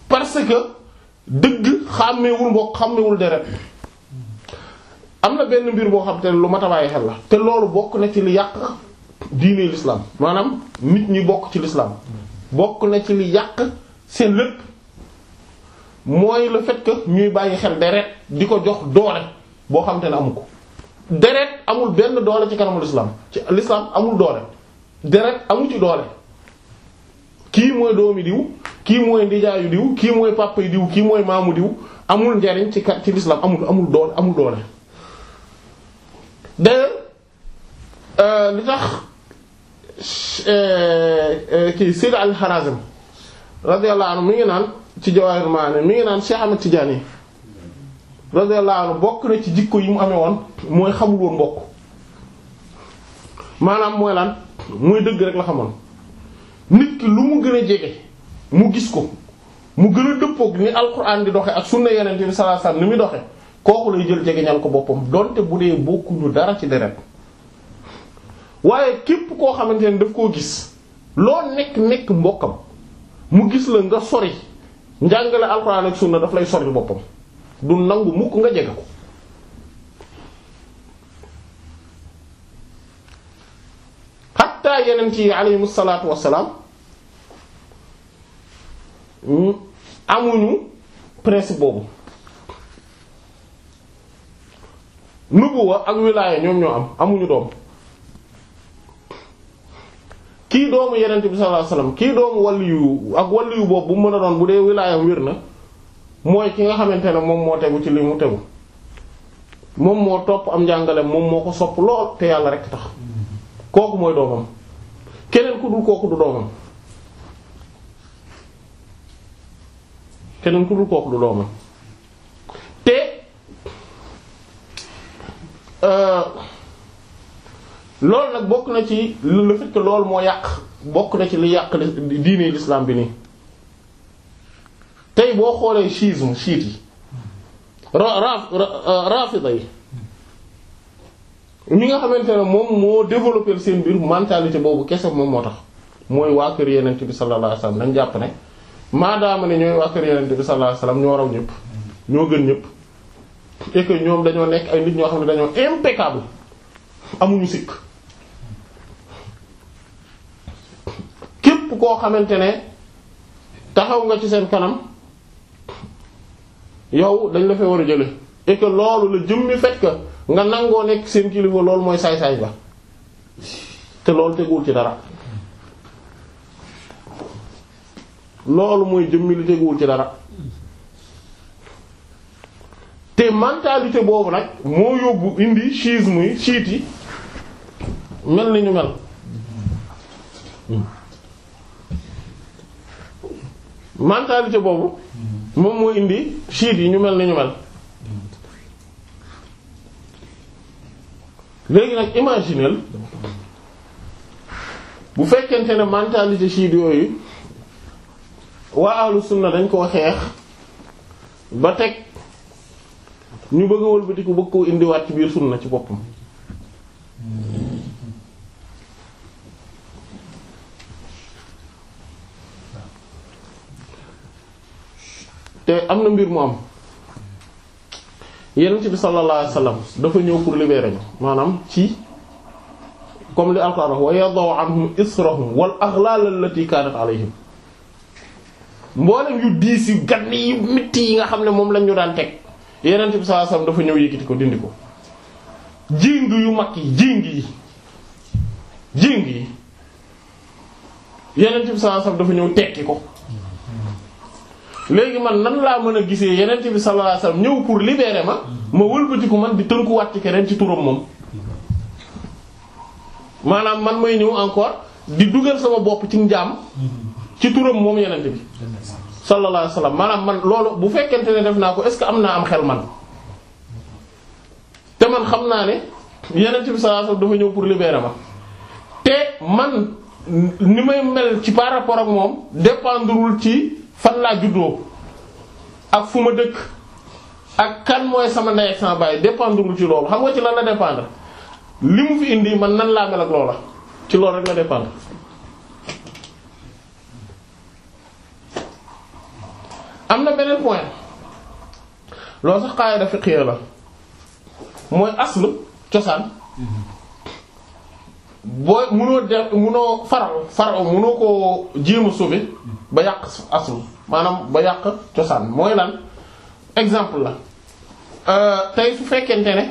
parce que dëgg xàmmeewul mbokk xàmmeewul deret am na benn mbir boo xam te lu ma tabaay xel la te loolu bokk na ci li yàq diine l'islam maanaam nit ñi bokk ci lislaam bokk na ci li yàq seen lépp mooy le fait que ñuy bàyyi xel deret di ko jox doole boo xam te ne amuko deret amul benn doole ci kanamu lislaam ci lislaam amul doole deret amu ci doole kii mooy doomi diw kii mooy ndijaayu diw kii mooy pàppay diw kii mooy maamu diw amul njariñ ci ci lislaam amul amul doole amul doole d'ailleurs euh, li tax euh, euh, kii Sayyid al-Harazim radiyallahu anhu mi ngi naan ci Jawaahirul Maani mi ngi naan Cheikh Ahmed Tidiane radiyallahu anhu bokk na ci jikko yi mu amee woon mooy xamul woon mbokk maanaam mooy lan mooy dëgg rek la xamoon nit ki lu mu gën a jege mu gis ko mu gën a dëppoog ni alquran di doxe ak sunna yonent bi sallallahu alayhi wasallam ni muy doxe kooku lay jël jegeñal ko boppam donte bu dee bokkuñu dara ci deret waaye képp koo xamante ne daf koo gis loo nekk nekk mbokkam mu gis la nga sori njàngale alquran ak sunna daf lay sori boppam du nangu mukk nga jege ko xatta yenent yi aleyhum salaatu wassalaam mm, amuñu principe boobu nubuwa ak wilaaya ñoom ñoo am amuñu doom kii doomu yenent bi sallallahu alayhi wasallam kii doomu waliyu ak waliyu boobu bu mën a doon bu dee wilaayam wér na mooy ki nga xamante ne moom moo tegu ci li mu tegu moom moo topp am njàngale moom moo ko sopp lool te yàlla rekk tax kooku mooy doomam keneen ku dul kooku du doomam keneen ku dul du doomam te euh, loolu nag bokk na ci le fait que loolu moo yàq bokk na ci li yàq diine l'islam bi nii tey boo xoolee chiisme chiite yi ra euh, rafida yi ñi nga xamante ne moom moo développé seen biir mentalité boobu kese moom moo tax mooy waa kër yenent bi sallallahu alayhi wasallam dañ jàpp ne maadaama ne ñooy waa kër yenent bi sallallahu alayhi wasallam ñoo raw ñëpp ñoo gën ñëpp et ñoom dañoo nekk ay nit ñoo xam ne dañoo impeccable amuñu sikk képp koo xamante ne taxaw nga ci seen kanam yow dañ la fee war a jële et que loolu la jëmmi fekk nga nangoo nekk seen kilifa loolu mooy saay-saay ba te loolu teguwul ci dara loolu mooy jëmmi li teguwul ci dara te mentalité boobu nag moo yóbbu indi schisme yi chiite mel nañu ñu mel mentalité boobu moom moo indi chiites yi ñu mel ni ñu mel léegi nag imaginel bu fekkente ne mentalité chiite yooyu waa ahlu sunna dañ koo xeex ba teg ñu bëgg a wëlbatiku bëgg koo indiwaat ci biir na ci boppam te am na mbir mu am yonent bi sallallahu alayhi dafa ñëw pour libérer ñu maanaam ci comme li alquran wax am yadau anhum ak wal aghlal allati kanat alayhim mboolem yu diis yu gann yu mitti yi nga xam ne moom lañ ñu daan teg yonent bi dafa ñëw yëkkati ko dindi ko jéng yu mag yi jéng yi jéng yi yonent bi dafa ñëw tekki ko léegi man nan laa mën a gisee yeneen bi sallallahu alayhi ñëw pour libérer ma ma wëlbatiku man di tënkuwaat ci keneen ci turam moom. maanaam man mooy ñëw encore di dugal sama bopp ci njaam ci turam moom yenent bi. sallallahu alayhi wasallam maanaam man loolu bu fekkente ne def naa ko est-ce que am naa am xel man. te man xam naa ne yeneen bi sallallahu alayhi dafa ñëw pour libérer ma te man ni may mel ci par rapport ak moom dépendrewul ci. fan laa juddoo ak fu ma dëkk ak kan mooy sama ndey ak sama baay dépendrewul ci loolu xam nga ci lan la dépendre li mu fi indi man nan laa mel ak loola ci loolu rek la dépendre am na beneen point loolu sax qaayida fiqhiyya la mooy aslu cosaan boo munoo def munoo faral faral munoo ko jéem a sauver ba yàq asl maanaam ba yàq cosaan mooy lan exemple la euh, tey su fekkente ne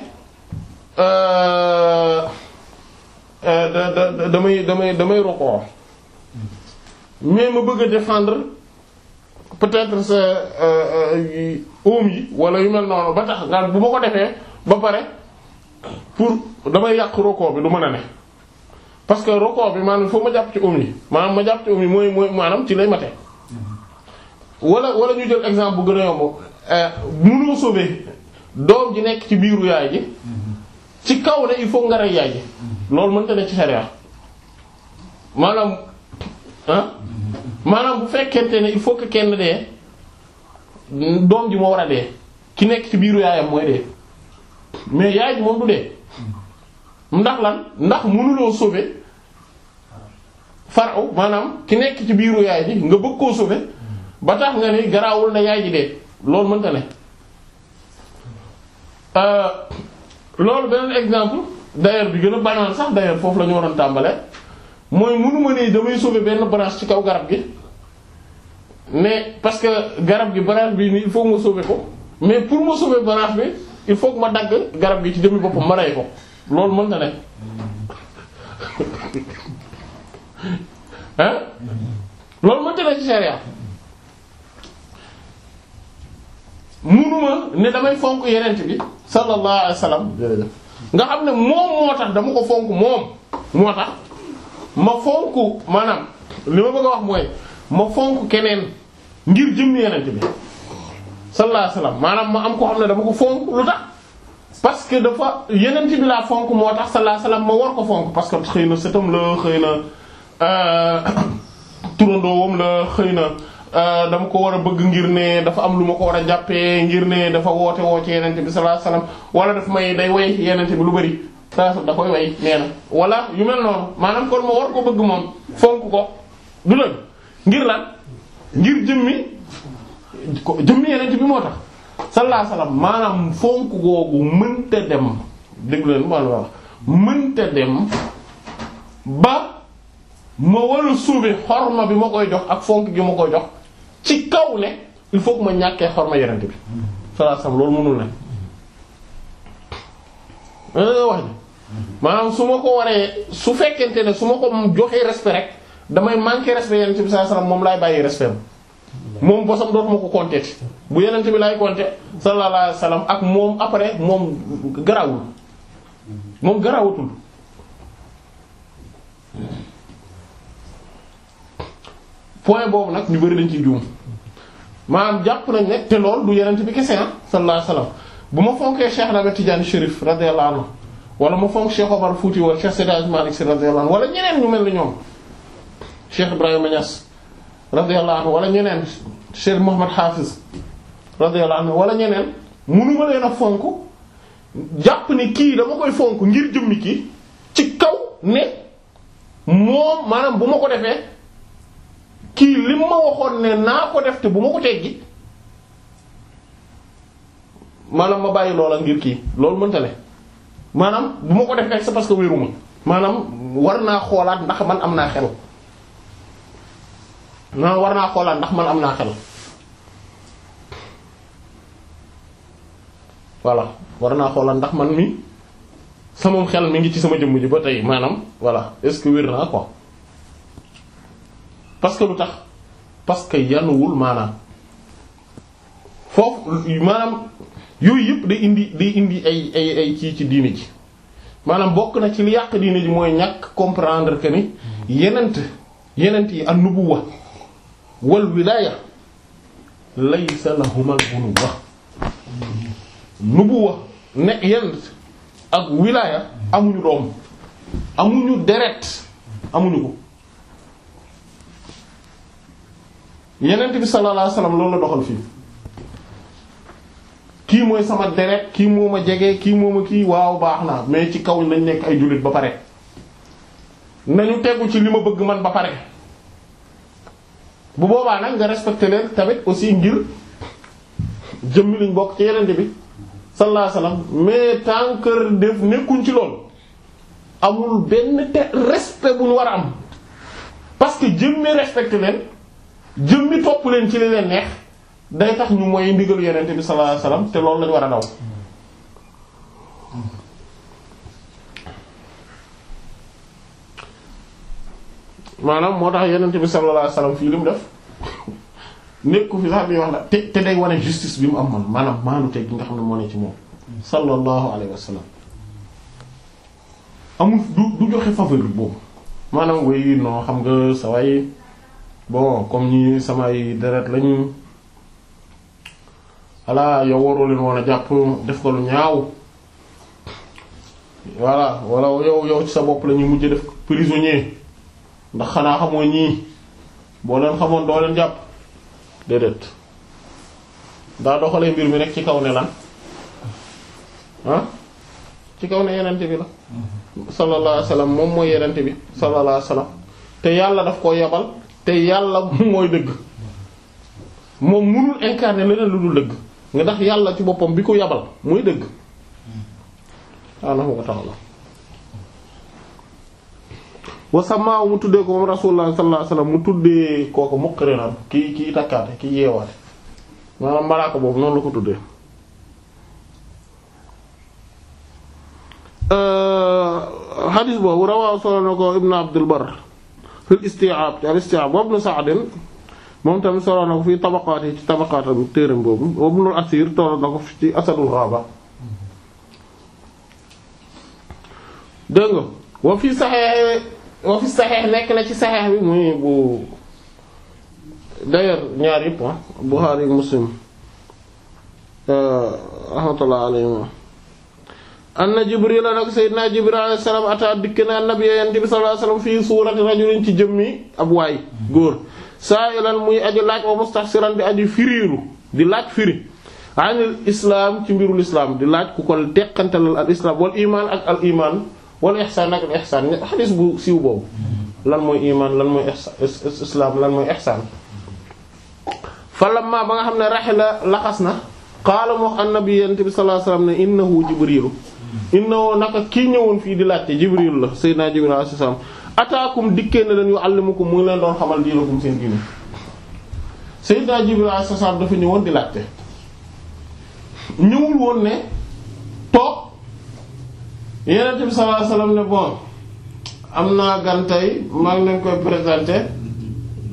euh, euh, da da damay damay damay roko mais ma bëgg a défendre peut-être sa oom yi wala yu mel noonu ba tax nga bu ma ko defee ba pare pour damay yàq roko bi du mën a ne. parce que roko bi maanaam foo ma jàpp ci um yi maanaam ma jàpp ci um yi mooy mooy maanaam ci lay mate wala wala ñu jël exemple bu gën a yomb euh, mënoo sauver doom ji nekk ci biiru yaay ji ci kaw ne il faut nga rey yaay ji loolu mënta ne ci sharia maanaam ah, maanaam bu fekkente ne il faut que kenn dee doom ji ma war a dee ki nekk ci biiru yaayam mooy dee mais yaay ji moom du dee ndax lan ndax mënuloo sauver faraw maanaam ki nekk ci biiru yaay ji nga bëgg koo sauver ba tax nga ni garaawul na yaay ji dee loolu mënta ne euh, loolu beneen exemple d'ailleurs bi gën a banaan sax d'ailleurs foofu lañu waroon tàmbalee mooy mënuma ne damay sauver benn branche ci kaw garab gi mais parce que garab gi branche bi ni il faut ma sauver ko mais pour ma sauver branche bi il faut ma dagg garab gi ci jëmmi boppam ma rey ko loolu mën na nekk ah loolu mënta nekk ci sharia munuma ne damay fonk yenent bi sallallahu alayhi wasallam nga xam ne moom moo tax dama ko fonk moom moo tax ma fonk maanaam li ma bëgg a wax mooy ma fonk keneen ngir jëm yenent bi sallallahu alayhi wasallam maanaam ma am ko xam ne dama ko fonk lu tax parce que dafa yeneen bi laa fonk moo tax sallallahu alayhi wasallam ma war ko fonk parce que xëy na sëtam la xëy na euh, turandoowam la xëy na euh, dama ko war a bëgg ngir ne dafa am lu ma ko war a jàppee ngir ne dafa woote woo ci yeneen bi sallallahu alayhi wasallam wala daf may day way yeneen bi lu bari da koy way nee na wala yu mel noonu maanaam kon ma war ko bëgg moom fonk ko du ngir lan ngir jëmmi jëmmi yeneen bi moo tax. sallallahu alayhi wasallam maanaam fonk googu mënta dem dégg leen ma wax mënta dem ba ma war a suube xorma bi ma koy jox ak fonk gi ma koy jox ci kaw ne il foog ma ñàkkee xorma yeneen bi sallallahu loolu mënul ne loolu wax maanaam su ma ko waree su fekkente ne su ma ko joxee respect rek damay manquer respect yeneen bi sallallahu moom laay bàyyi respect moom bosam dootuma ko compter bu yenente bi lay compter sallallahu alayhi wa sallam ak moom après moom garawul moom garawatul point boobu nag ñu bëri dañ ci juum maanaam jàpp nañ ne te lool du yenente bi kese ah sallallahu alayhi wa sallam bu ma fonkee Cheikh Ahmed Tidiane Chérif radiyallahu anhu wala ma fonk Cheikh Omar Fouti wala Cheikh Seydi Hadji Malick Sy radiyallahu anhu wala ñeneen ñu mel ni ñoom Cheikh Ibrahima Niass radiyallahu anhu wala ñeneen Cheikh Mouhamed Hafiz radiyallahu anhu wala ñeneen munu ma leen a fonk jàpp ni kii dama koy fonk ngir jëmmi kii ci kaw ne moom maanaam bu ma ko defee kii lim ma waxoon ne naa ko def te bu ma ko teggi maanaam ma bàyyi loola ngir kii loolu mënta ne maanaam bu ma ko defee c'est parce que wéeru ma maanaam war naa xoolaat ndax man am naa xel maanaam war naa xoolaat ndax man am naa xel voilà war naa xoolal ndax man mi sama xel mi ngi ci sama jëmm ji ba tey maanaam voilà est-ce que wér naa quoi parce que lu tax parce que yanuwul maanaam foofu maanaam yooyu yëpp day indi day indi ay ay ay kii ci diine ji maanaam bokk na ci li yàq diine ji mooy ñàkk comprendre que ni yenent yenent yi an-nubuwwa wal wilaaya laysa lahumal bunuwwa nubuwa nekk yenn ak wilaya amuñu doom amuñu deret amuñu ko yenent bi sallallahu alayhi wasallam loolu la doxal fii kii mooy sama deret kii moo ma jege kii moo ma kii waaw baax na mais ci kaw nañ nekk ay jullit ba pare nañu tegu ci li ma bëgg man ba pare bu boobaa nag nga respecté leen tamit aussi ngir jëmmi liñ bokk ci yenent bi sallallahu alayhi mais tant kër def nekkuñ ci lool amul benn te respect bu ñu war a am parce que jëmmi respecté leen jëmmi topp leen ci li leen neex day tax ñu mooy ndigalu yonent bi sallallahu te loolu lañ war a daw. maanaam moo tax yonent bi sallallahu fii li def. nekku fi sax bi wax la te te day wane justice bi mu am moom maanaam maanu teg gi nga xam ne moo ne ci moom sallallahu alayhi wa sallam amul du du joxe faveur boobu maanaam way non xam nga sa way bon comme ñi samay deret lañu voilà yow waroo leen woon jàpp def ko lu ñaaw voilà wala yow yow ci sa bopp la mujj def prisonnier ndax xanaa xamoo ñii boo leen xamoon doo leen jàpp déedéet daa doxalee mbir mi rek ci kaw ne lan ah ci kaw ne yenente bi la sallallahu alayhi moom mooy yenente bi sallallahu alayhi wa te yàlla daf koo yebal te yàlla mooy dëgg moom mënul incarner leneen lu dul dëgg nga ndax yàlla ci boppam bi ko yebal mooy dëgg subhaanahu ko ta'ala wasamaaw mu tuddee ko moom rasulullah sallallahu alayhi wasallam mu tuddee kooku muqrinan kii kii takkaate kii yeewaate boobu noonu la ko tuddee xadis euh, boobu rawaaw solo na ko ibnu abdul bar fil isti'ab al isti'ab wa ibnu sa'din moom tamit solo na ko fii tabaqaat ci tabaqaatam téeram boobu wa ibnu asir na ko ci asadul ghaba dégg nga wa saxee wa fi saxeex nekk na ci saxeex bi muy bu d'ailleurs ñaar yëpp ah Bukhari Muslim euh, rahmatullah alayhim anna Jibril nag Seydina Jibril alayhi salaam ata dikk na annabi yonent bi sallallahu alayhi wasallam fii suurati rajulin ci jëmmi ab waay góor saa'ilan muy aji laaj wa mustahsiran di aji firiiru di laaj firi anil islam ci mbirul islam di laaj ku ko teqantalal al islam wal iman ak al iman wala ihsaan ak al ihsaan xadis bu siiw boobu lan mooy iman lan mooy islaam lan mooy ihsaan fa lamma ba nga xam ne raxila laxas na qaala mu wax annabi yent bi sallallahu alayhi wasallam ne innahu jibrilu innahu naka kii ñëwoon fii di laajte jibril la sayyidina jibril alayhi salaam ataakum dikkee na leen yu allimukum mu ngi leen doon xamal diinakum seen diine sayyidina jibril alayhi salaam dafa ñëwoon di laajte ñëwul woon ne toog Yonent bi sallallahu alayhi wasallam ne bon am naa gan tey maa ngi leen koy présenté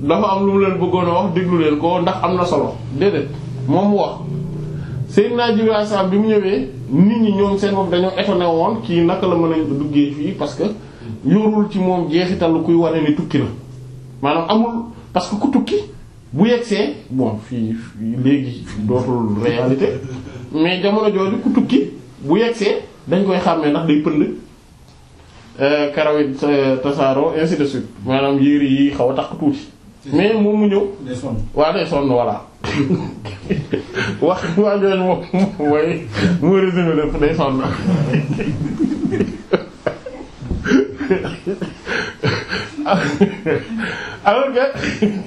dafa am lu mu leen bëggoon a wax déglu leen ko ndax am na solo déedéet moom mu wax. Seydina Jibril alayhi salaam bi mu ñëwee nit ñi ñoom seen bopp dañoo étonné woon kii naka la mën a duggee fii parce que yorul ci moom jeexital lu kuy wane ni tukki na maanaam amul parce que ku tukki bu yegsee bon fii léegi dootul réalité mais jamono jooju ku tukki bu yegsee. dañ koy xàmmee ndax day pënd euh, karawit euh, tasaaro ainsi de suite maanaam yére yi xaw a takk tuuti mais moom mu ñëw waa day sonn voilà wax waa jooju moom mooy mu résumé def day sonn alors que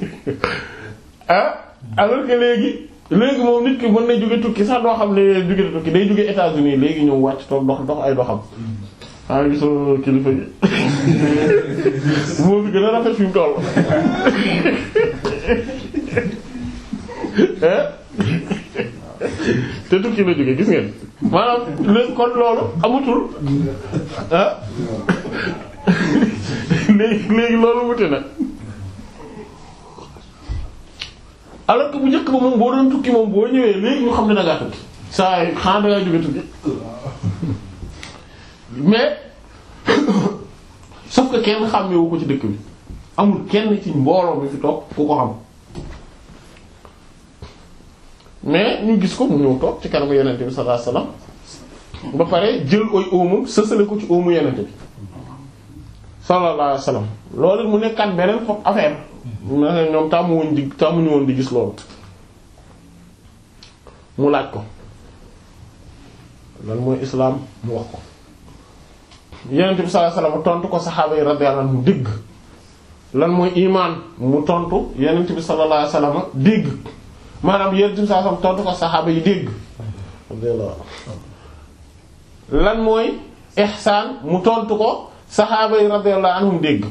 ah alors léegi léegi moom nit ki mën na jóge tukki sax doo xam ne jóge tukki day jóge États-Unis léegi ñëw wàcc toog dox dox ay doxam maa ngi gisoo kilifa yi moo fi gën rafet fi mu eh? gis ngeen maanaam léegi kon loolu amatul ah léegi loolu wute na alors que bu njëkk ba moom boo doon tukki moom boo ñëwee léegi ñu xam ne da ngaa tukki saa yi xanaa da jóge tukki mais sauf que kenn xàmmewu ko ci dëkk bi amul kenn ci mbooloo bi fi toog ku ko xam mais ñu gis ko mu ñëw toog ci kanamu yonent bi sallallahu alayhi wasallam ba pare jël oy ko ci oomu yonent bi sallallahu alayhi wasallam loolu mu nekkaat beneen xob affaire. na ñoom tàmm woon di tàmmuñu gis loolu mu laaj ko lan mooy islaam mu wax ko yenent bi sallallahu alayhi wasallam tontu ko saxaaba yi radiyallahu dégg lan mooy imaan mu tontu yenent bi sallallahu alayhi wasallam dégg maanaam yenent bi sallallahu alayhi wasallam tontu ko saxaaba yi dégg lan mooy ihsaan mu tontu ko saxaaba yi radiyallahu dégg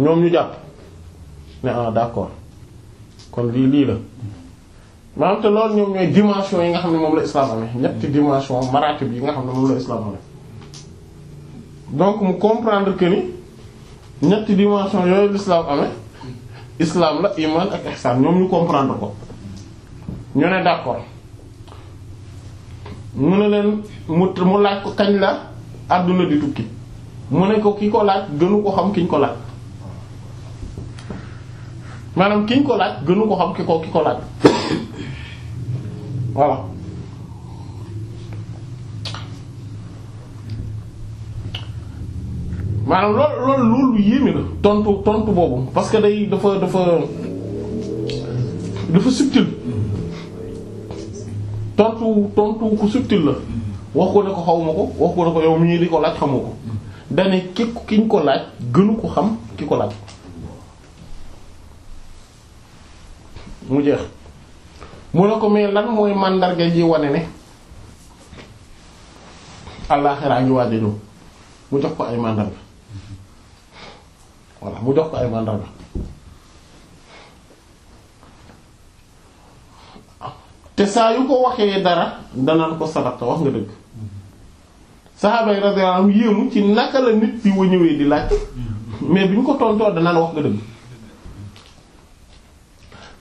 ñoom ñu jàpp ne ah d'accord kon lii lii la maanaam te loolu ñoom ñooy dimension yi nga xam ne moom la islam amee ñetti dimension maratib yi nga xam ne moom la islam amee donc mu comprendre que ñetti dimension yooyu l'islam amee islam la iman ak ihsan ñoom ñu comprendre ko ñu ne d'accord mu ne leen mu mu laaj ko kañ la àdduna di tukki mu ne ko ki ko laaj gënu ko xam ki ñu ko laaj maanaam ki ñu ko laaj gënu ko xam ki ko ki ko laaj voilà maanaam loolu loolu yéeme la tontu tontu boobu parce que day dafa dafa dafa subtil tontu tontu ku subtil la wax ko ne ko xaw ko wax ko ne di ko laaj xamoo ko dane ki ki ñu ko laaj gënu ko xam ki ko laaj mu jeex mu ne ko mais lan mooy màndarga ji wane ne àllaaxira ngi waaj a mu jox ko ay màndarga voilà mu jox ko ay màndarga te saa yu ko waxee dara danaan ko sadaqta wax nga dëgg saxaaba yi radiyallahu anhum yéemu ci naka la nit di wa ñëwee di laaj mm-hmm. mais bi ñu ko tontoo danaan wax nga dëgg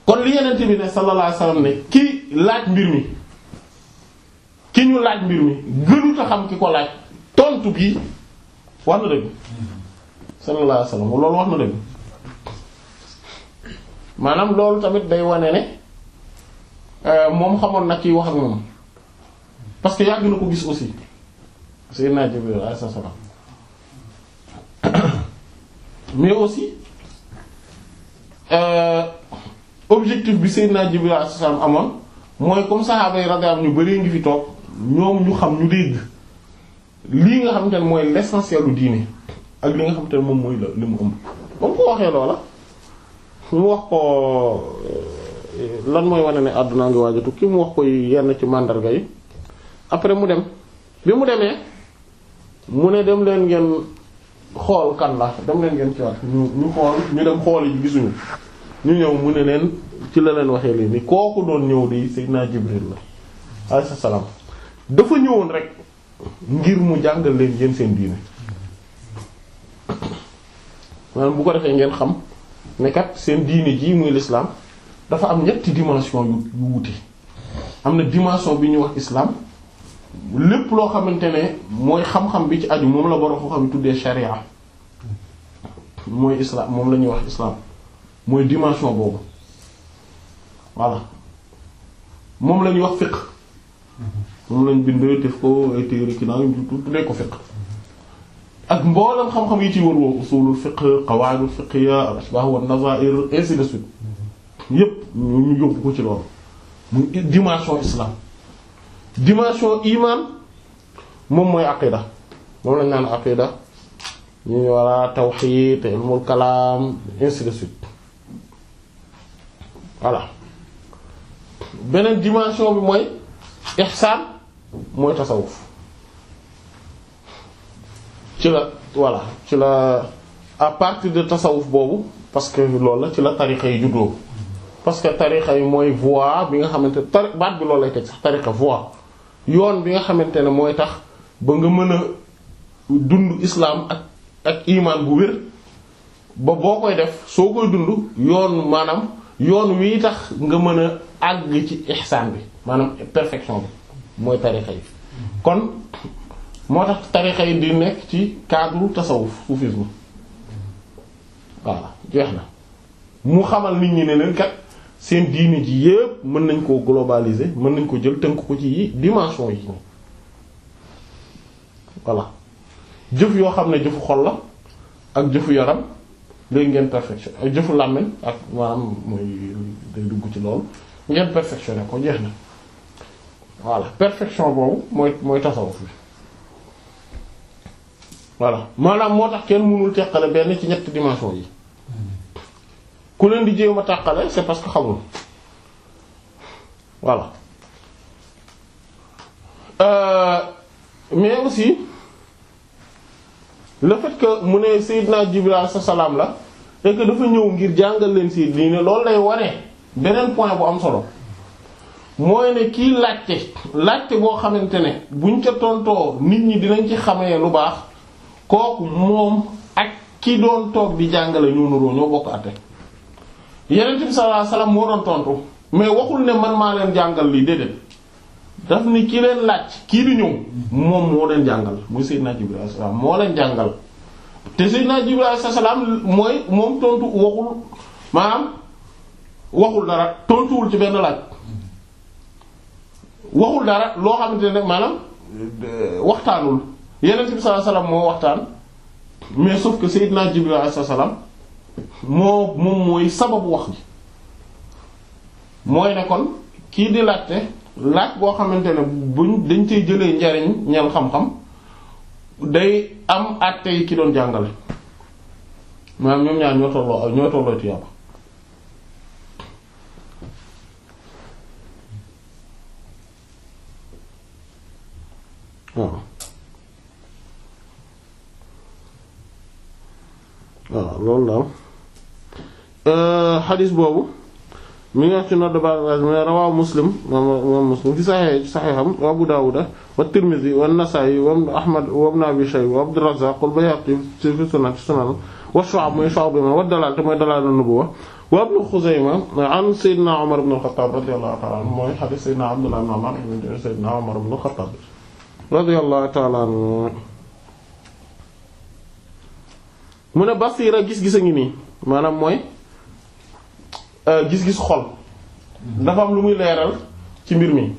kon li yenente bi ne sallallahu alayhi ne ki laaj mbir mi ki ñu laaj mbir mi gënuta xam ki ko laaj tontu bi wax na dëgg sallallahu alayhi loolu wax na dëgg maanaam loolu tamit day wane ne euh, moom xamoon na kiy wax ak moom parce que yàgg na ko gis aussi sayyidina Jibril alayhi salaam mais aussi euh, objectif bi naa Jibril alayhi salaam amoon mooy comme saxaaba yi radiyallahu ñu bari ngi fi toog ñoom ñu xam ñu dégg lii nga xam te ne mooy l'essentiel lu ak li nga xam te ne moom mooy la li mu ëmb ba mu ko waxee loola mu wax ko euh, lan mooy wane ne àdduna ngi waaj a tukki mu wax ko yenn ci màndarga yi après mu dem bi mu demee mu ne dem leen ngeen xool kan la dem leen ngeen ci waat ñu ñu xool ñu dem xool yi gisuñu ñu ñëw mu ne leen ci la leen waxee leen ni kooku doon ñëw di Seydina Jibril la alayhi salaam dafa ñëwoon rek ngir mu jàngal leen yéen seen diine maanaam bu ko defee ngeen xam ne kat seen diine jii muy lislaam dafa am ñetti dimension yu wuti am na dimension bi ñuy wax islam lépp loo xamante ne mooy xam-xam bi ci aju moom la borom xam-xam yi tuddee sharia mooy islam moom la ñuy wax islam. mooy dimension boobu voilà moom lañuy wax fiqh moom lañ bind def ko ay téere ki naa tuddee ko fiqh ak mboolem xam-xam yi ci wër woo usulul fiqh qawaidul fiqhiyya al-ashbah wa moom mooy aqida moom lañ naan aqida ñu ñu war a tawhid ilmul kalam ainsi voilà beneen dimension bi mooy ihsaan mooy tasawuf ci la voilà ci la à partir de tasawuf boobu parce que loolu la ci la tarixa yi juddoo parce que tarixa mooy voie bi nga xamante tari baat bi loolu lay teg sax tarixa voie yoon bi nga xamante ne mooy tax ba nga mën a dund islaam ak ak imaan bu wér ba boo koy def soo koy dund yoon maanaam yoon wi tax nga mën a àgg ci ihsaan bi maanaam perfection bi mooy tarixa yi kon moo tax tarixa yi di nekk ci cadre tasawuf soufisme waaw jeex na mu xamal nit ñi ne leen kat seen diini ji yépp mën nañ koo globaliser mën nañ ko jël tënk ko ci dimension yi voilà jëf yoo xam ne jëfu xol la ak jëfu yaram léegi ngeen perfection jëfu làmmiñ ak maanaam mooy dugg ci loolu ngeen perfectionné ko jeex na voilà perfection boobu mooy mooy tasawuf bi voilà maanaam moo tax kenn mënul teqale benn ci ñett dimension yi ku leen di jéem a tàqale c'est parce que xamul voilà euh, mais aussi le fait que mu ne Seydina Jibril sa salaam la et dafa ñëw ngir jàngal leen si diine loolu lay wane beneen point bu am solo mooy ne kii laajte laajte boo xamante ne buñ ca tontoo nit ñi dinañ ci xamee lu baax kooku moom ak ki doon toog di jàngale ñoo nuroo ñoo bokk àtte Yonent bi sallallahu alayhi moo doon tontu mais waxul ne man maa leen jàngal lii déedéet. daf ni ki leen laaj kii lu ñëw moom moo leen jàngal muy Seydina Jibril alayhi salaam salaam mooy moom tontu waxul maanaam waxul dara tontuwul ci benn laaj waxul dara loo xamante ne maanaam euh, waxtaanul Yonent bi sallallahu moo waxtaan mais sauf que Seydina Jibril alayhi salaam moo moom mooy sababu wax mooy ne kii di laajte. laaj boo xamante ne buñ dañ cey jëlee njariñ ñel xam-xam day am àttey ki doon jàngale maanaam ñoom ñaar ñoo tolloo ñoo tolloo ci waaw loolu daal euh, xadis boobu mi ngi wax ci nodd ba mu ne rawaaw muslim moom muslim fi saxee saxeexam wa abu daawuda wa tirmidhi wa nasaayi wa ahmad wa ibn abi shayba wa abdurrazzaq wal bayhaqi ci fi sunan ci sunan wa shu'ab mooy shu'ab bi ma wa dalaal te mooy dalaal nubuwwa wa ibn xuzayma an sayyidina umar ibn al-khattab radiyallahu ta'ala anhu mooy hadith sayyidina abdullah ibn umar sayyidina umar ibn al-khattab radiyallahu ta'ala anhu mu ne basiira gis-gis a ngi nii maanaam mooy Euh, gis-gis xol dafa am lu muy leeral ci mbir mi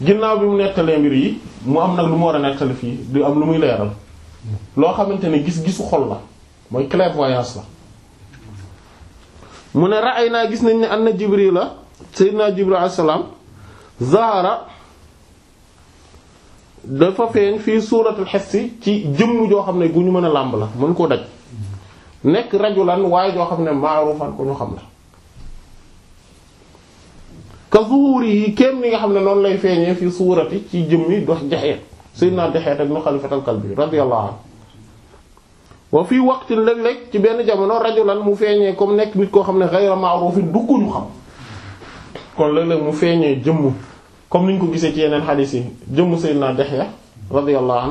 ginnaaw bi mu nettalee mbir yi mu am nag lu mu war a nettali fii di am lu muy leeral loo xamante ne gis-gisu xol la mooy clairvoyance la mu ne raay naa gis nañ ne na Jibril la Seydina Jibril alayhi salaam zahara dafa feeñ fii suuratul hissi ci jëmm joo xam ne gu ñu mën a làmb la mën koo daj nekk rajulan waaye joo xam ne maarufan ko ñu xam la ka yi kenn ni nga xam ne noonu lay feeñee fi suurati ci jëmmi dox jaxeet sayyidina jaxeet ak nu xalifatal kalbi radiyallahu anhu wa fii waqtin léeg-léeg ci benn jamono rajulan mu feeñee comme nekk nit koo xam ne ghayra ma'rufin du ko ñu xam kon léeg-léeg mu feeñee jëmm comme niñ ko gisee ci yeneen xadiis yi jëmm naa Dihya radiyallahu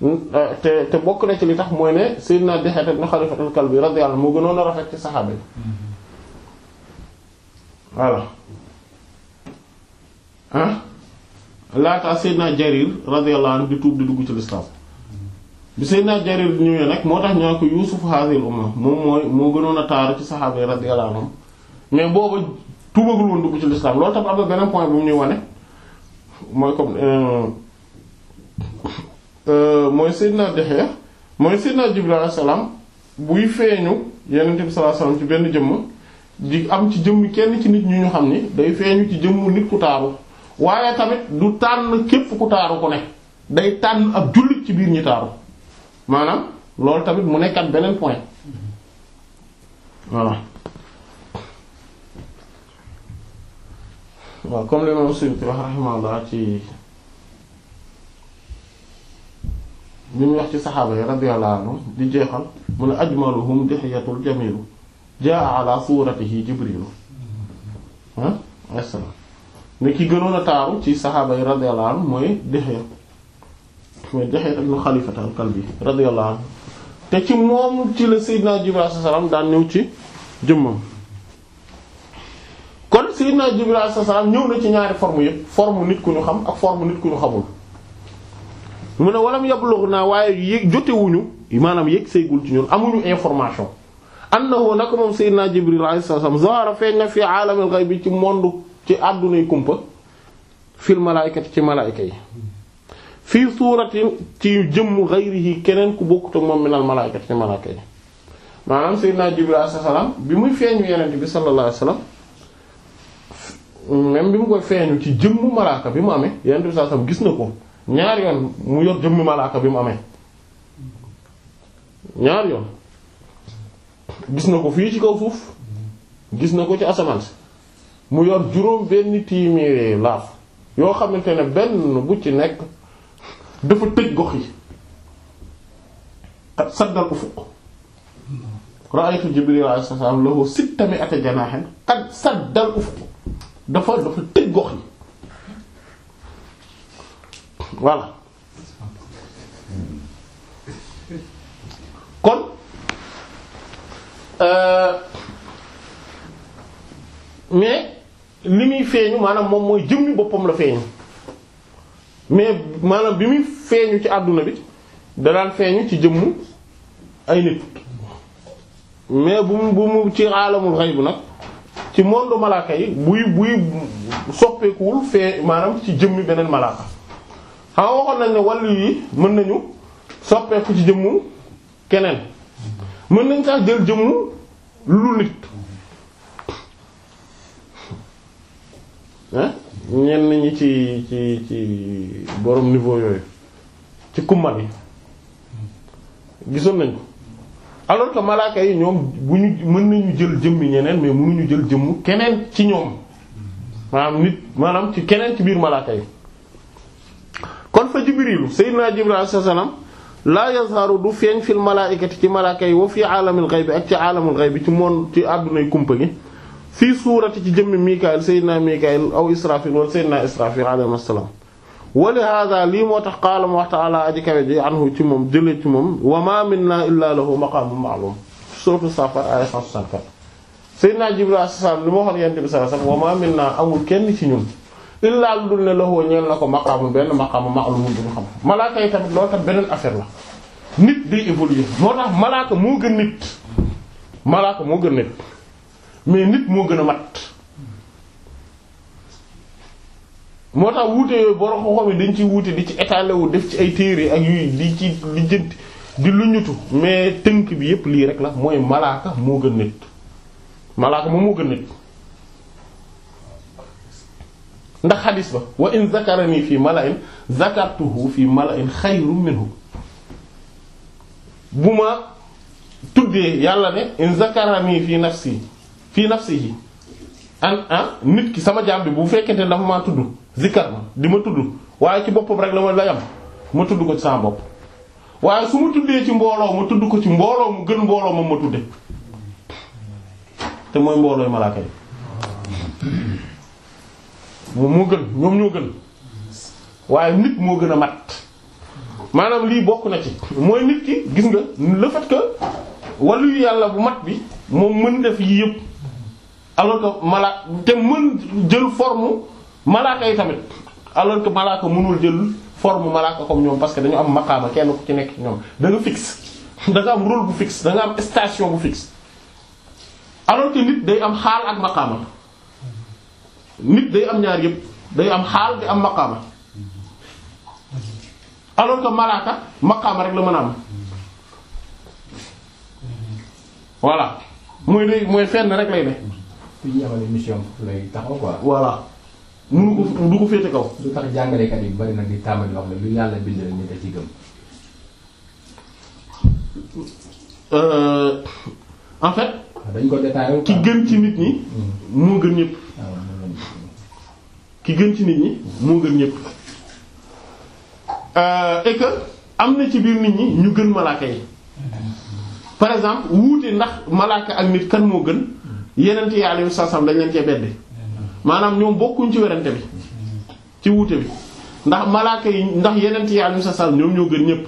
anhu te te bokk na ci li tax mooy ne sayyidina Dihya ibn Xalifatul Kalbi radiyallahu anhu moo gënoon a rafet ci saxaaba yi mm-hmm. voilà ah laataa Seydina Jarir radiyallahu di tuub di dugg ci lislaam bi Seydina Jarir ñëwee nag moo tax ñoo ko Yuusuf haazil umma moom mooy moo gënoon a taaru ci saxaaba yi mais booba tuubagul woon dugg ci lislaam loolu tam am na beneen point bu mu ñuy wane mooy comme euh, euh, mooy Seydina Dexya mooy Seydina Jibril alayhi salaam buy feeñu Yonent bi sallallahu ci benn jëmm di am ci jëmm kenn ci nit ñu ñu xam ni day feeñu ci jëmmu nit ku taaru waaye tamit du tànn képp ku taaru ku ne day tànn ak jullit ci biir ñi taaru maanaam loolu tamit mu nekkat beneen point voilà waaw comme li moom Suyuti wax rahimahullah ci bi mu wax ci saxaaba yi radiyallahu anhu di jeexal mu ne ajmaluhum dihiyatul jamilu jaa ala suratihi jibrilu ah assalam ne ki gënoon a taaru ci saxaaba yi radiyallahu anhu mooy Dihya mooy Dihya ibn Khalifa al-Kalbi radiyallahu anhu te ci moom ci la Seydina Jibril alayhi daan ñëw ci jëmmam kon Seydina Jibril alayhi ñëw na ci ñaari forme yëpp forme nit ku ñu xam ak forme nit ku ñu xamul mu ne walam yablugh naa waaye yëg jotewuñu maanaam yëg seegul ci ñun amuñu information annahu naka moom sayyidina Jibril alayhi salaam zahara feeñ na fi aalamil ghaybi ci monde ci àddunay kumpa fil malaayikati ci malaayika yi fii suuratin ci jëmm ghayrihi keneen ku bokkut ak moom minal malaayikati ci malaayika yi maanaam sayyidina Jibril alayhi salaam bi muy feeñu yeneen bi sallallahu alayhi bi mu ci jëmmu malaaka bi mu amee yeneen bi sallallahu alayhi gis na ko ñaar yoon mu yor jëmmu malaaka bi mu amee ñaar yoon gis na ko fii ci kaw suuf gis na ko ci asamaan si mu yor juróom benn téeméeri laaf yoo xamante ne benn bu ci nekk dafa tëj gox yi xat saddal ufuq ra'aytu Jibril alayhi salaam lahu sitta mi'ata janaahin qad saddal ufuq dafa dafa tëj gox yi voilà kon Euh, mais li muy feeñu maanaam moom mooy jëmmi boppam la feeñu mais maanaam bi muy feeñu ci àdduna bi da feeñu ci jëmmu ay nit mais bu mu bu mu ci aalamul xayb nag ci monde malaaka yi buy buy soppeekuwul fee maanaam ci jëmmi beneen malaaka xam nga waxoon nañ ne wàllu yi mën nañu soppeeku ci jëmmu keneen mën nañ caa jël jëmmu lu nit ah ñenn ñi ci ci ci borom niveau yooyu ci kummal yi gisoon nañ ko alors que malaaka yi ñoom bu ñu mën nañu jël jëmmi ñeneen mais mënuñu jël jëmmu keneen ci ñoom maam nit maanaam ci keneen ci biir malaaka yi kon fa Jibrilu sayyidina Jibril sallallahu alayhi wasallam laa yazharu du feeñ fil malaa'ikati ci malaaka yi wa fi aalamil ghaybi ak ci aalamul ghaybi ci moon ci àddunay kumpa gi fii suurati ci jëmmi Mikaayil Seydina Mikaayil aw Israafil wala Seydina Israafil alayhi salaam wa li haadha lii moo tax qaala mu wax ta'aala aji kawe ji anhu ci moom jëlee ci moom wa maa minnaa illaa lahu maqaamun ma'luum suuratu Saaffaat aaya 164 Seydina Jibriil alayhi salaam li ma waxoon Yonent bi sallallahu alayhi wasallam wa maa minnaa amul kenn ci ñun. illaa lu dul ne loxo ñeel na ko maqaamu benn maqaamu ma'lum bu ñu xam malaaka yi tamit loolu tam beneen affaire la nit day évoluer moo tax malaaka moo gën nit malaaka moo gën nit mais nit moo gën a mat moo tax wuute yooyu borom xoxom yi dañ ci wuute di ci étalé wu def ci ay téere ak yuy di ci di jënt di luñutu mais tënk bi yépp lii rek la mooy malaaka moo gën nit malaaka moom moo gën nit ndax xadis ba wa in zakarani fii mala'in zakartuhu fii mala'in xayrun minhu bu ma tuddee yàlla ne in zakarani fii nafsi fii nafsihi an an nit ki sama jaam bi bu fekkente ne dafa maa tudd zikkar ma di ma tudd waaye ci boppam rek la ma layam ma tudd ko ci sama bopp waaye su ma tuddee ci mbooloo ma tudd ko ci mbooloo mu gën mbooloo moom ma tudde te mooy mboolooy malaaka yi moom moo gën ñoom ñoo gën waaye nit moo gën a mat maanaam lii bokk na ci mooy nit ki gis nga le fait que wàllu yàlla bu mat bi moom mën def yi yëpp alors que malaaka te mën jël forme malaaka yi tamit alors que malaaka mënul jël forme malaaka comme ñoom parce que dañu am maqaama kenn ku ci nekk ñoom da nga fixe da am rôle bu fixe da am station bu fixe alors que nit day am xaal ak maqaama nit day am ñaar yëpp day am xaal di am maqaama alors que malaaka maqaama rek la mën a am voilà mooy day mooy fenn rek lay ne. fi ñu amale du ko féete kaw. lu tax jàngalekat yi bari na di tàmbali wax ne lu yàlla bind la ñu ci gëm. Euh, en fait. dañ ko détaillé. ki gën ci nit ñi. Hmm. moo gën ñëpp. Ah. ki gën ci nit ñi moo gën ñépp euh, et am na ci biir nit ñi ñu gën malaaka yi par exemple wuute ndax malaaka ak nit kan moo gën yeneen ci yàlla yu sànsam dañ leen cee beddi maanaam ñoom bokkuñ ci werante bi ci wuute bi ndax malaaka yi ndax yeneen ci yàlla yu sànsam ñoom ñoo gën ñépp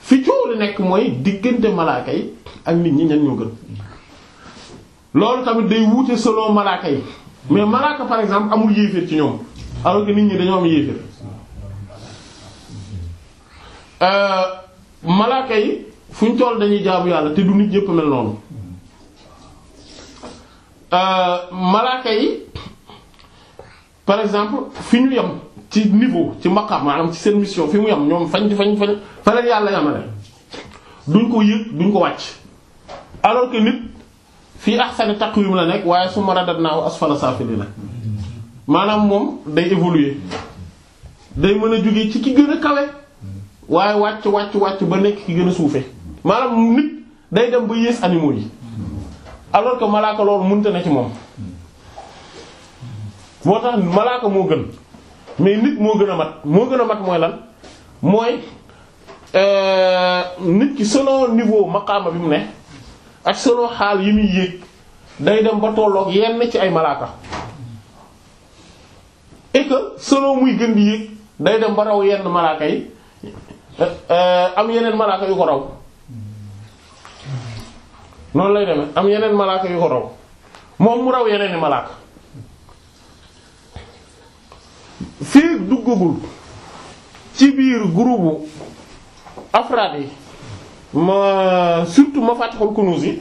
fi coow li nekk mooy diggante malaaka yi ak nit ñi ñan ñoo gën loolu tamit day wuute selon malaaka yi. mais malaaka par exemple amul yéeféer ci ñoom alors que nit ñi dañoo am yéeféer euh, malaaka yi fu ñu toll dañuy jaamu yàlla te du nit ñépp mel noonu euh, malaaka yi par exemple fi ñu yem ci niveau ci maqam maanaam ci seen fi mu yem ñoom fañ fañ fañ fa leen yàlla yamale duñ ko yëg duñ ko wàcc alors que nit fii ahsani taqwim la nekk waaye naa radadnaahu asfala saafilina maanaam moom day évoluer day mën a jóge ci ki gën a kawe waaye wàcc wàcc wàcc ba nekk ki gën a suufe maanaam nit day dem ba yées animaux yi alors que malaaka loolu mënta na ci moom moo tax malaaka moo gën mais nit moo gën a mat moo gën a mat mooy lan mooy euh, nit ki selon niveau maqaama bi mu ne ak solo xaal yi muy yéeg day dem ba tolloog yenn ci ay malaaka et que muy gën di yéeg day dem ba raw yenn malaaka yi eh, am yeneen malaaka yu ko raw noonu lay demee am yeneen malaaka yu ko raw moom mu raw yeneen i malaaka fii duggagul ci biir groupe afraad yi surtout ma Mafatihul Kunuz yi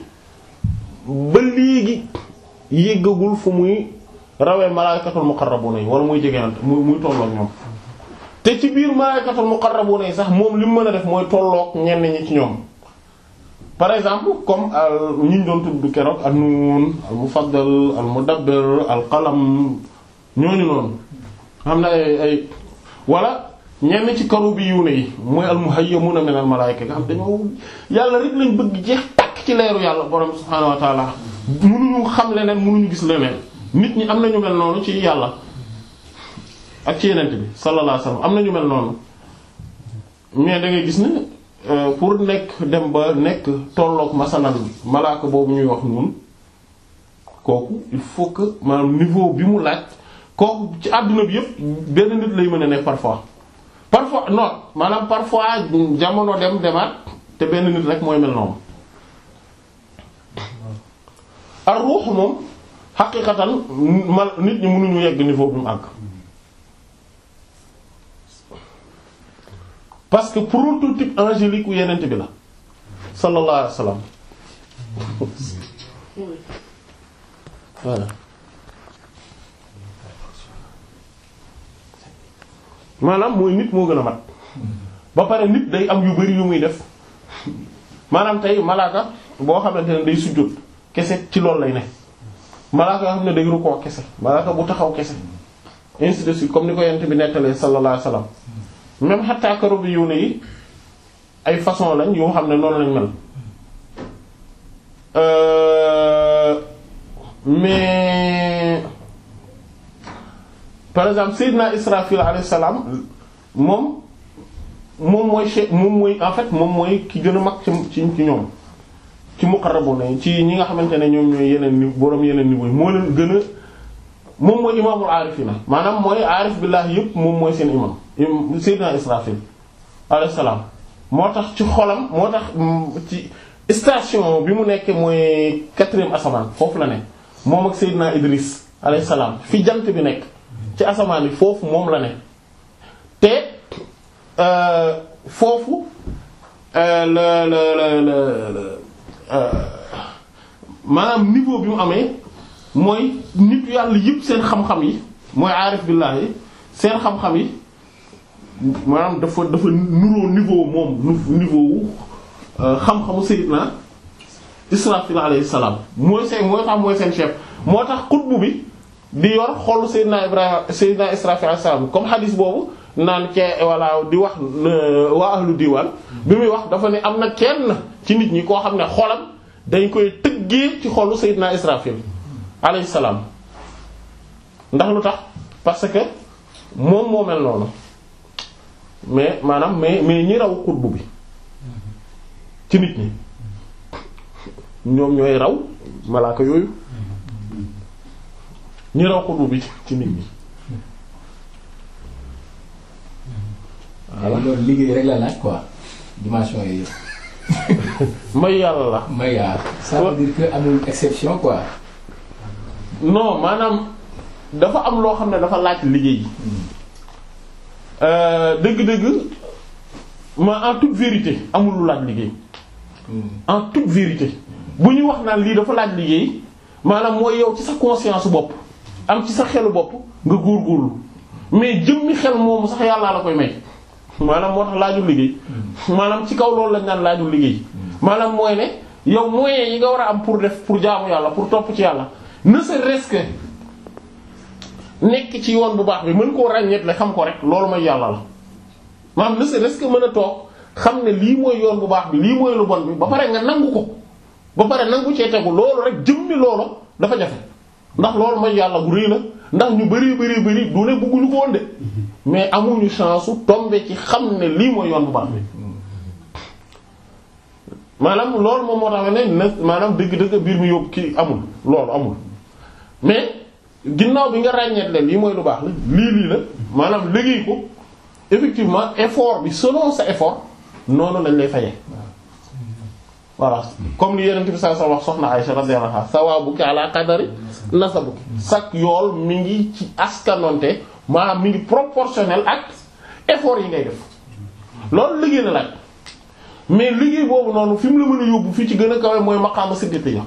ba léegi yëggagul fu muy rawee malaaykatul muqarrabuna yi wala muy jegeante muy muy tolloog ñoom te ci biir malaaykatul muqarrabuna yi sax moom li mu mën a def mooy tolloog ñenn ñi ci ñoom par exemple comme euh, ñi ñu doon tudd keroog an-Nun al-Mufaddal al-Mudabbir al-Qalam ñooñu noonu xam na ay ay wala ñenn ci karubiyuuna yi mooy almuhayyamuna a al malaayika nga xam dañoo yàlla rek lañ bëgg jeex takk ci leeru yàlla borom subhaanahu wa taala mënuñu xam leneen mënuñu gis leneen nit ñi am na ñu mel noonu ci yàlla ak ci yenent bi sallallahu am na ñu mel noonu mais da gis ne euh, pour nekk dem ba nekk tolloog masalan malaaka boobu ñuy wax noonu kooku il faut que maanaam niveau bi mu laaj kooku ci àdduna bi yëpp benn nit lay mën a ne parfois. parfois non maanaam parfois jamono dem demaat te benn nit rek mooy mel noonu ar ruux moom xaqiqatan mal nit ñi mënuñu yegg niveau bi mu àgg parce que prototype angélique u yenent bi la sallallahu alayhi wa sallam maanaam mooy nit moo gën a mat ba pare nit day am yu bari yu muy def maanaam tey malaaka boo xamante ne day sujjóot kese ci loolu lay ne malaaka yoo xam ne day rukkoo kese malaaka bu taxaw kese ainsi comme ni ko yent bi nettalee sallallahu alayhi wasallam même xataa karobi yu ne yi ay façon lañ yoo xam ne noon lañ mel euh, mais par exemple Seydina Israfil alayhi salaam moom moom mooy che moom mooy en fait moom mooy ki gën a mag ci ci ci ñoom ci muqarrabuna ci ñi nga xamante ne ñoom ñooy yeneen ni boroom yeneen niveau yi moo leen gën a moom mooy imaamul aarifina maanaam mooy aarif billaahi yëpp moom mooy seen imam Seydina Israfil alayhi salaam moo tax ci xolam moo tax mm, ci station bi mu nekk mooy quatrième asamaan foofu la ne moom ak Seydina Idris alayhi salaam fi jant bi nekk ci asamaan yi foofu moom la ne te euh, foofu la la la maanaam niveau bi mu amee mooy nit yàlla yëpp seen xam-xam yi mooy aarif billaahi seen xam-xam yi maanaam dafa dafa nuroo niveau moom niveau wu euh, xam-xamu sayyidna Israfil alayhi salaam mooy seen mooy tax mooy seen chef moo tax xutbu bi di yor xolu Seydina Ibrahima Seydina Israfil alayhi salaam comme hadith boobu naan kee walla di wax waa ahlu diwaan bi muy wax dafa ne am na kenn ci nit ñi koo xam ne xolam dañ koy tëggee ci xolu naa Israfil alayhi salaam ndax lu tax parce que moom moo mel noonu mais maanaam mais mais ñi raw xutbu bi ci nit ñi ñoom ñooy raw malaaka yooyu ñi raw bi ci nit ñi voilà loolu liggéey rek la quoi dimension yooyu may yàlla may yàlla ça veut dire que amul exception quoi non maanaam dafa am loo xam ne dafa laaj liggéey hmm. euh, dëgg-dëgg ma en toute vérité amul lu laaj liggéey hmm. en toute vérité bu ñu wax naan lii dafa laaj liggéey maanaam mooy yow ci sa conscience bopp am ci sa xelu bopp nga góorgóorlu mais jëmmi xel moomu sax yàllaa la koy may maanaam moo tax laajul liggéey maanaam ci kaw loolu lañ naan laajul liggéey maanaam mooy ne yow moyens yi nga war a am pour def pour jaamu yàlla pour topp ci yàlla ne serait-ce nekk ci yoon bu baax bi mën koo ràññeet la xam ko rek loolu mooy yàlla la maanaam ne serait-ce mën a toog xam ne lii mooy yoon bu baax bi lii mooy lu bon bi ba pare nga nangu ko ba pare nangu cee tegu loolu rek jëmmi loolu dafa jafe ndax loolu mooy yàlla bu rëy la ndax ñu bëri bëri bari du ne bëgguñu ko woon de mais amuñu chance su tombe ci xam ne lii mooy yoon bu baax bi maanaam loolu moom moo tax ne na maanaam dëgg-dëgg biir mi yóbbu kii amul loolu amul mais ginnaaw bi nga ràññeet leen lii mooy lu baax la lii lii la maanaam liggéey ko effectivement effort bi selon sa effort noonu lañ lay fayee voilà comme li Yonent bi sallallahu alayhi wasallam wax soxna Aysa radiyallahu anha sawaabuki ala qadari nasabuki sak yool mi ngi ci askanonte maanaam mi ngi proportionnel ak effort yi ngay def loolu liggéey na laaj mais liggéey boobu noonu fi mu la mën yóbbu fii ci gën a kawe mooy maqaama siddiqiyya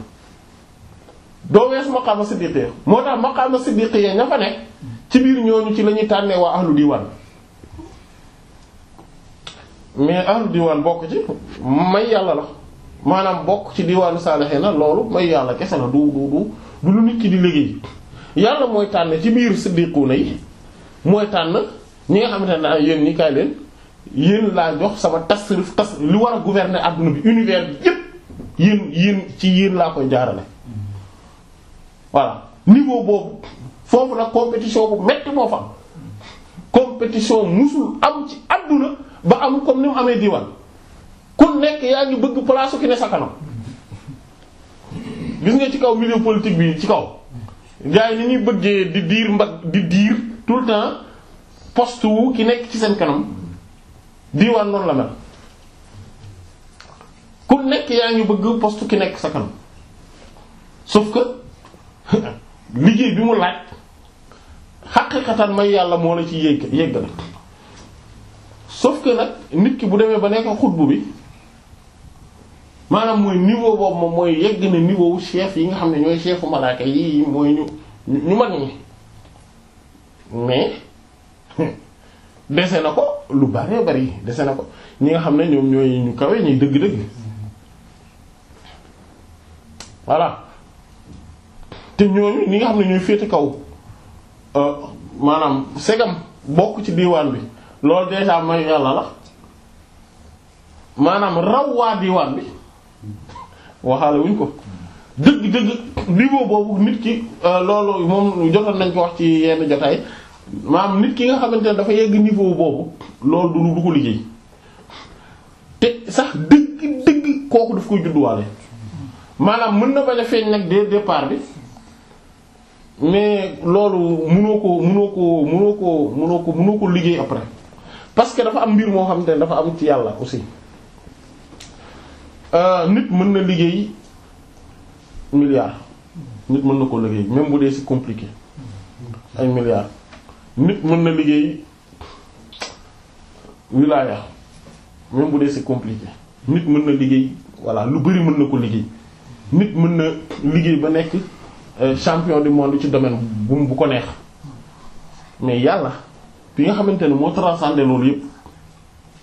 doo weesu maqaama siddiqiyya moo tax maqaama siddiqiyya ña fa ci biir ñooñu ci lañuy ñuy tànnee waa ahlu diwaan mais ahlu diwaan bokk ci may yàlla la maanaam bokk ci diwaanu na loolu may yàlla kese na du du du lu nit ki di liggéey yàlla mooy tànn ci biir siddiquuna yi mooy tànn ñi nga xamante ne yéen ñi kaay leen yéen laa jox sama tasrif tas li war a gouverner adduna bi univers bi yépp yéen ci yéen laa koy jaarale voilà niveau boobu foofu nag compétition bu metti moo fa compétition musul am ci adduna ba am comme ni mu amee diwaan ku nekk yaa ngi bëgg place ki ne sa kanam gis nga ci kaw milieu politique bi ci kaw gaa yi ni ñuy bëggee di diir mbag di diir tout le temps post wu ki nekk ci seen kanam diiwaan noonu la mel ku nekk yaa ngi bëgg post ki nekk sa kanam sauf que liggéey bi mu laaj xaqiqatan may yàlla moo la ci yëgg yëgg na sauf que nag nit ki bu demee ba nekk xutbu bi maanaam mooy niveau boobu moom mooy yëgg na niveau wu chef yi nga xam ne ñooy chefu malaaka yi mooy ñu ñu mag ñi mais dese na ko lu bari bari dese na ko ñi nga xam ne ñoom ñooy ñu kawe ñuy dëgg voilà te ñooñu ñi nga xam ne ñooy féete kaw euh, maanaam segam bokk ci diwaan bi loolu déjà may yàlla la maanaam raw waa diwaan bi waxaale wuñ ko dëgg-dëgg niveau boobu nit ki euh, loolu moom jotoon nañ ko wax ci yenn jotaay maanaam nit ki nga xamante ne dafa yegg niveau boobu loolu du du ko liggéey te sax dëgg dëgg kooku daf koy judduwaale maanaam mën na bañ a feeñ nag dès départ bi mais loolu munoo ko mënoo ko mënoo ko mënoo ko mënoo liggéey après parce que dafa am mbir moo xamante ne dafa am ci yàlla aussi. Euh, nit mën na liggéey milliard nit mën na ko liggéey même bu dee si compliqué ay milliard nit mën na liggéey wilaya même bu dee c'est compliqué nit mën na liggéey voilà lu bari mën na ko liggéey nit mën na liggéey ba nekk euh, champion du monde ci domaine bu bu ko neex mais yàlla bi nga xamante ne moo transcender loolu yépp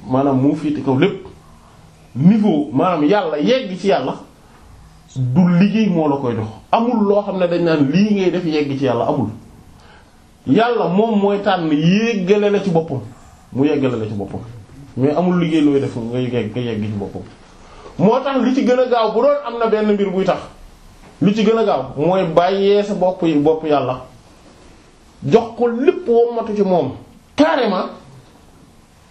maanaam moo féete kaw lépp niveau maanaam yàlla yegg ci yàlla du liggéey moo la koy dox amul loo xam ne dañ naan lii ngay def yegg ci yàlla amul yàlla moom mooy tànn yéggale la ci boppam mu yeggale la ci boppam mais amul liggéey looy def nga yegg ci boppam moo tax li ci gën a gaaw bu doon am na benn mbir buy tax lu ci gën a gaaw mooy bàyyee sa bopp yi bopp yàlla jox ko lépp wommatu ci moom carrément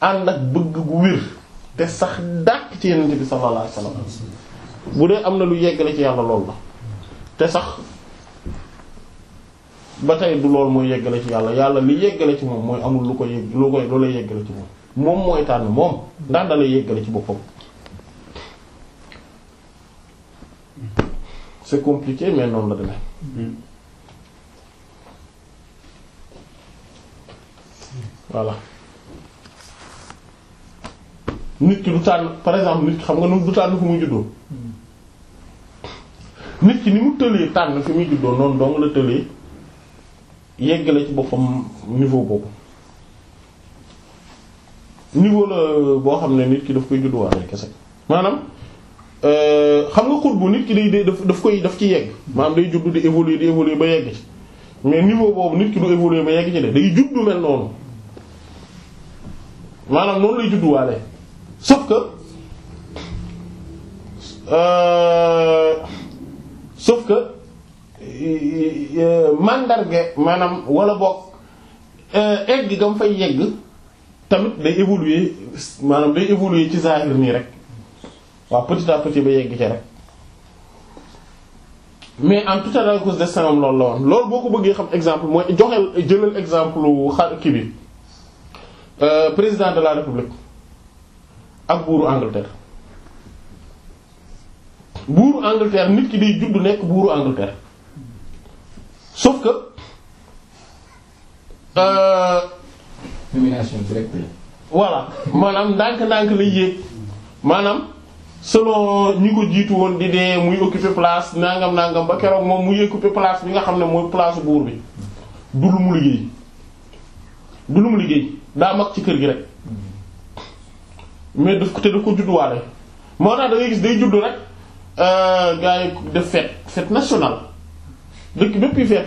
ànd ak bëgg bu wér te sax dàkk ci yenente bi sallallahu alayhi wasallam bu dee am na lu yeggale ci yàlla loolu la te sax ba tey du loolu mooy yeggale ci yàlla yàlla li yeggale ci moom mooy amul lu ko yegg lu koy lu lay yeggale ci moom moom mooy tànn moom ndax da lay ci boppam c'est compliqué mais noonu la demee mm-hmm. voilà nit ki du tànn par exemple nit ki xam nga nu du tànn fi muy ki ni mu tëlee tànn fi muy juddoo noonu dong la tëlee yeggale ci boppam niveau boobu niveau la boo xam ne nit ki daf koy judduwaale kese maanaam euh, xam nga xut bu nit ki day daf daf koy daf ci yegg maanaam day juddu di évoluer di évoluer ba yegg ci mais niveau boobu nit ki du évoluer ba yegg ci de day juddu mel noonu maanaam noonu lay judduwaale sauf que euh, que euh, mandarge maanaam wala boog euh, egg gam fay yegg tamit day évoluer maanaam day évoluer ci zahir nii rek waaw petit à petit ba yegg ci rek mais en tout à cause destin am loolu la woon loolu boo ko bëggee xam exemple mooy joxel jëlal exemple xar kii bi euh, président de la république ak buuru Angleterre buuru Angleterre nit ki day judd nekk buuru Angleterre sauf que. Euh, nomination maanaam ndànk-ndànk lay yéeg maanaam solo ñu ko jiitu woon di dee muy occuper place nangam nangam ba keroog moom muy occuper place bi nga xam ne mooy place buur bi du lu mu liggéey du lu mu liggéey daa mag ci kër gi rek. mais daf ko te daf ko judduwaale moo tax da ngay gis day juddu rek euh, gars yi def fête fête nationale dëkk bépp yi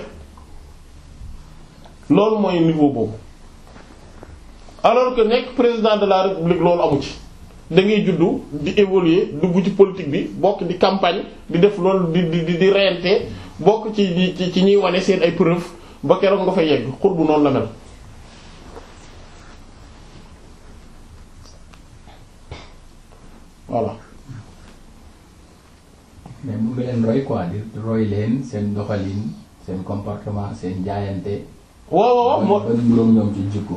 loolu mooy niveau boobu alors que nekk président de la loolu amu ci da ngay juddu di évoluer dugg ci politique bi bokk di campagne di def loolu di di di reyante bokk ci ci ci ñuy wane seen ay preuve ba keroog nga fa yegg xur noonu la mel. voilà mais mu leen seen doxalin seen comportement seen jaayante. waaw waaw moo ba nuróom ñoom ci jikko.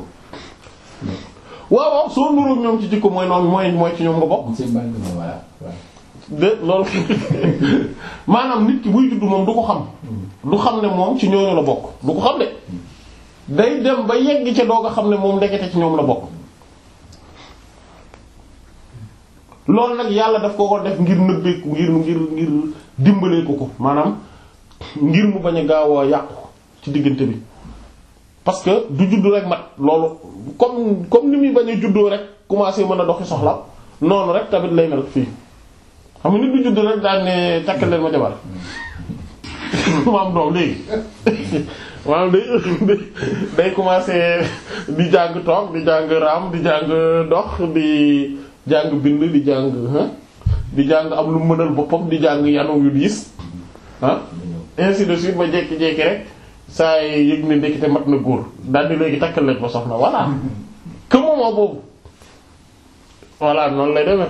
waaw waaw soo nuróom ñoom ci jikko mooy noonu mooy mooy ci ñoom nga bokk. seen bànq moom voilà de loolu maanaam nit ki buy juddu moom du ko xam. Mm. du xam ne moom ci ñooñu la bokk du ko xam de. Mm. day dem ba yegg ca doog a xam ne moom ndekete ci ñoom la bokk. loolu nag yàlla daf ko ko def ngir nëbbeeku ngir ngir ngir dimbalee ko ko maanaam ngir mu bañ a gaaw a yàqu ci diggante bi parce que du juddu rek mat loolu comme comme ni muy bañ a juddoo rek commencé mën a doxi soxla noonu rek tamit lay mel fii xam nga nit du juddu rek daan ne leen ma jabar ma am doom léegi maanaam day day commencé di jàng toog di jàng raam di jàng dox di jàng bind di jàng di jàng am lu mënal boppam di jàng yanu yu diis ah ainsi de suite ba jékki-jékki rek saa yi yëg ne ndekete mat na góor daal di léegi takkal leen ba soxna voilà que boobu voilà noonu lay demee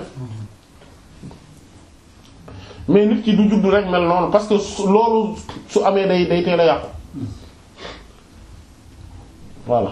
mais nit ki du judd rek mel noonu parce que loolu su amee day day teel yàqu voilà.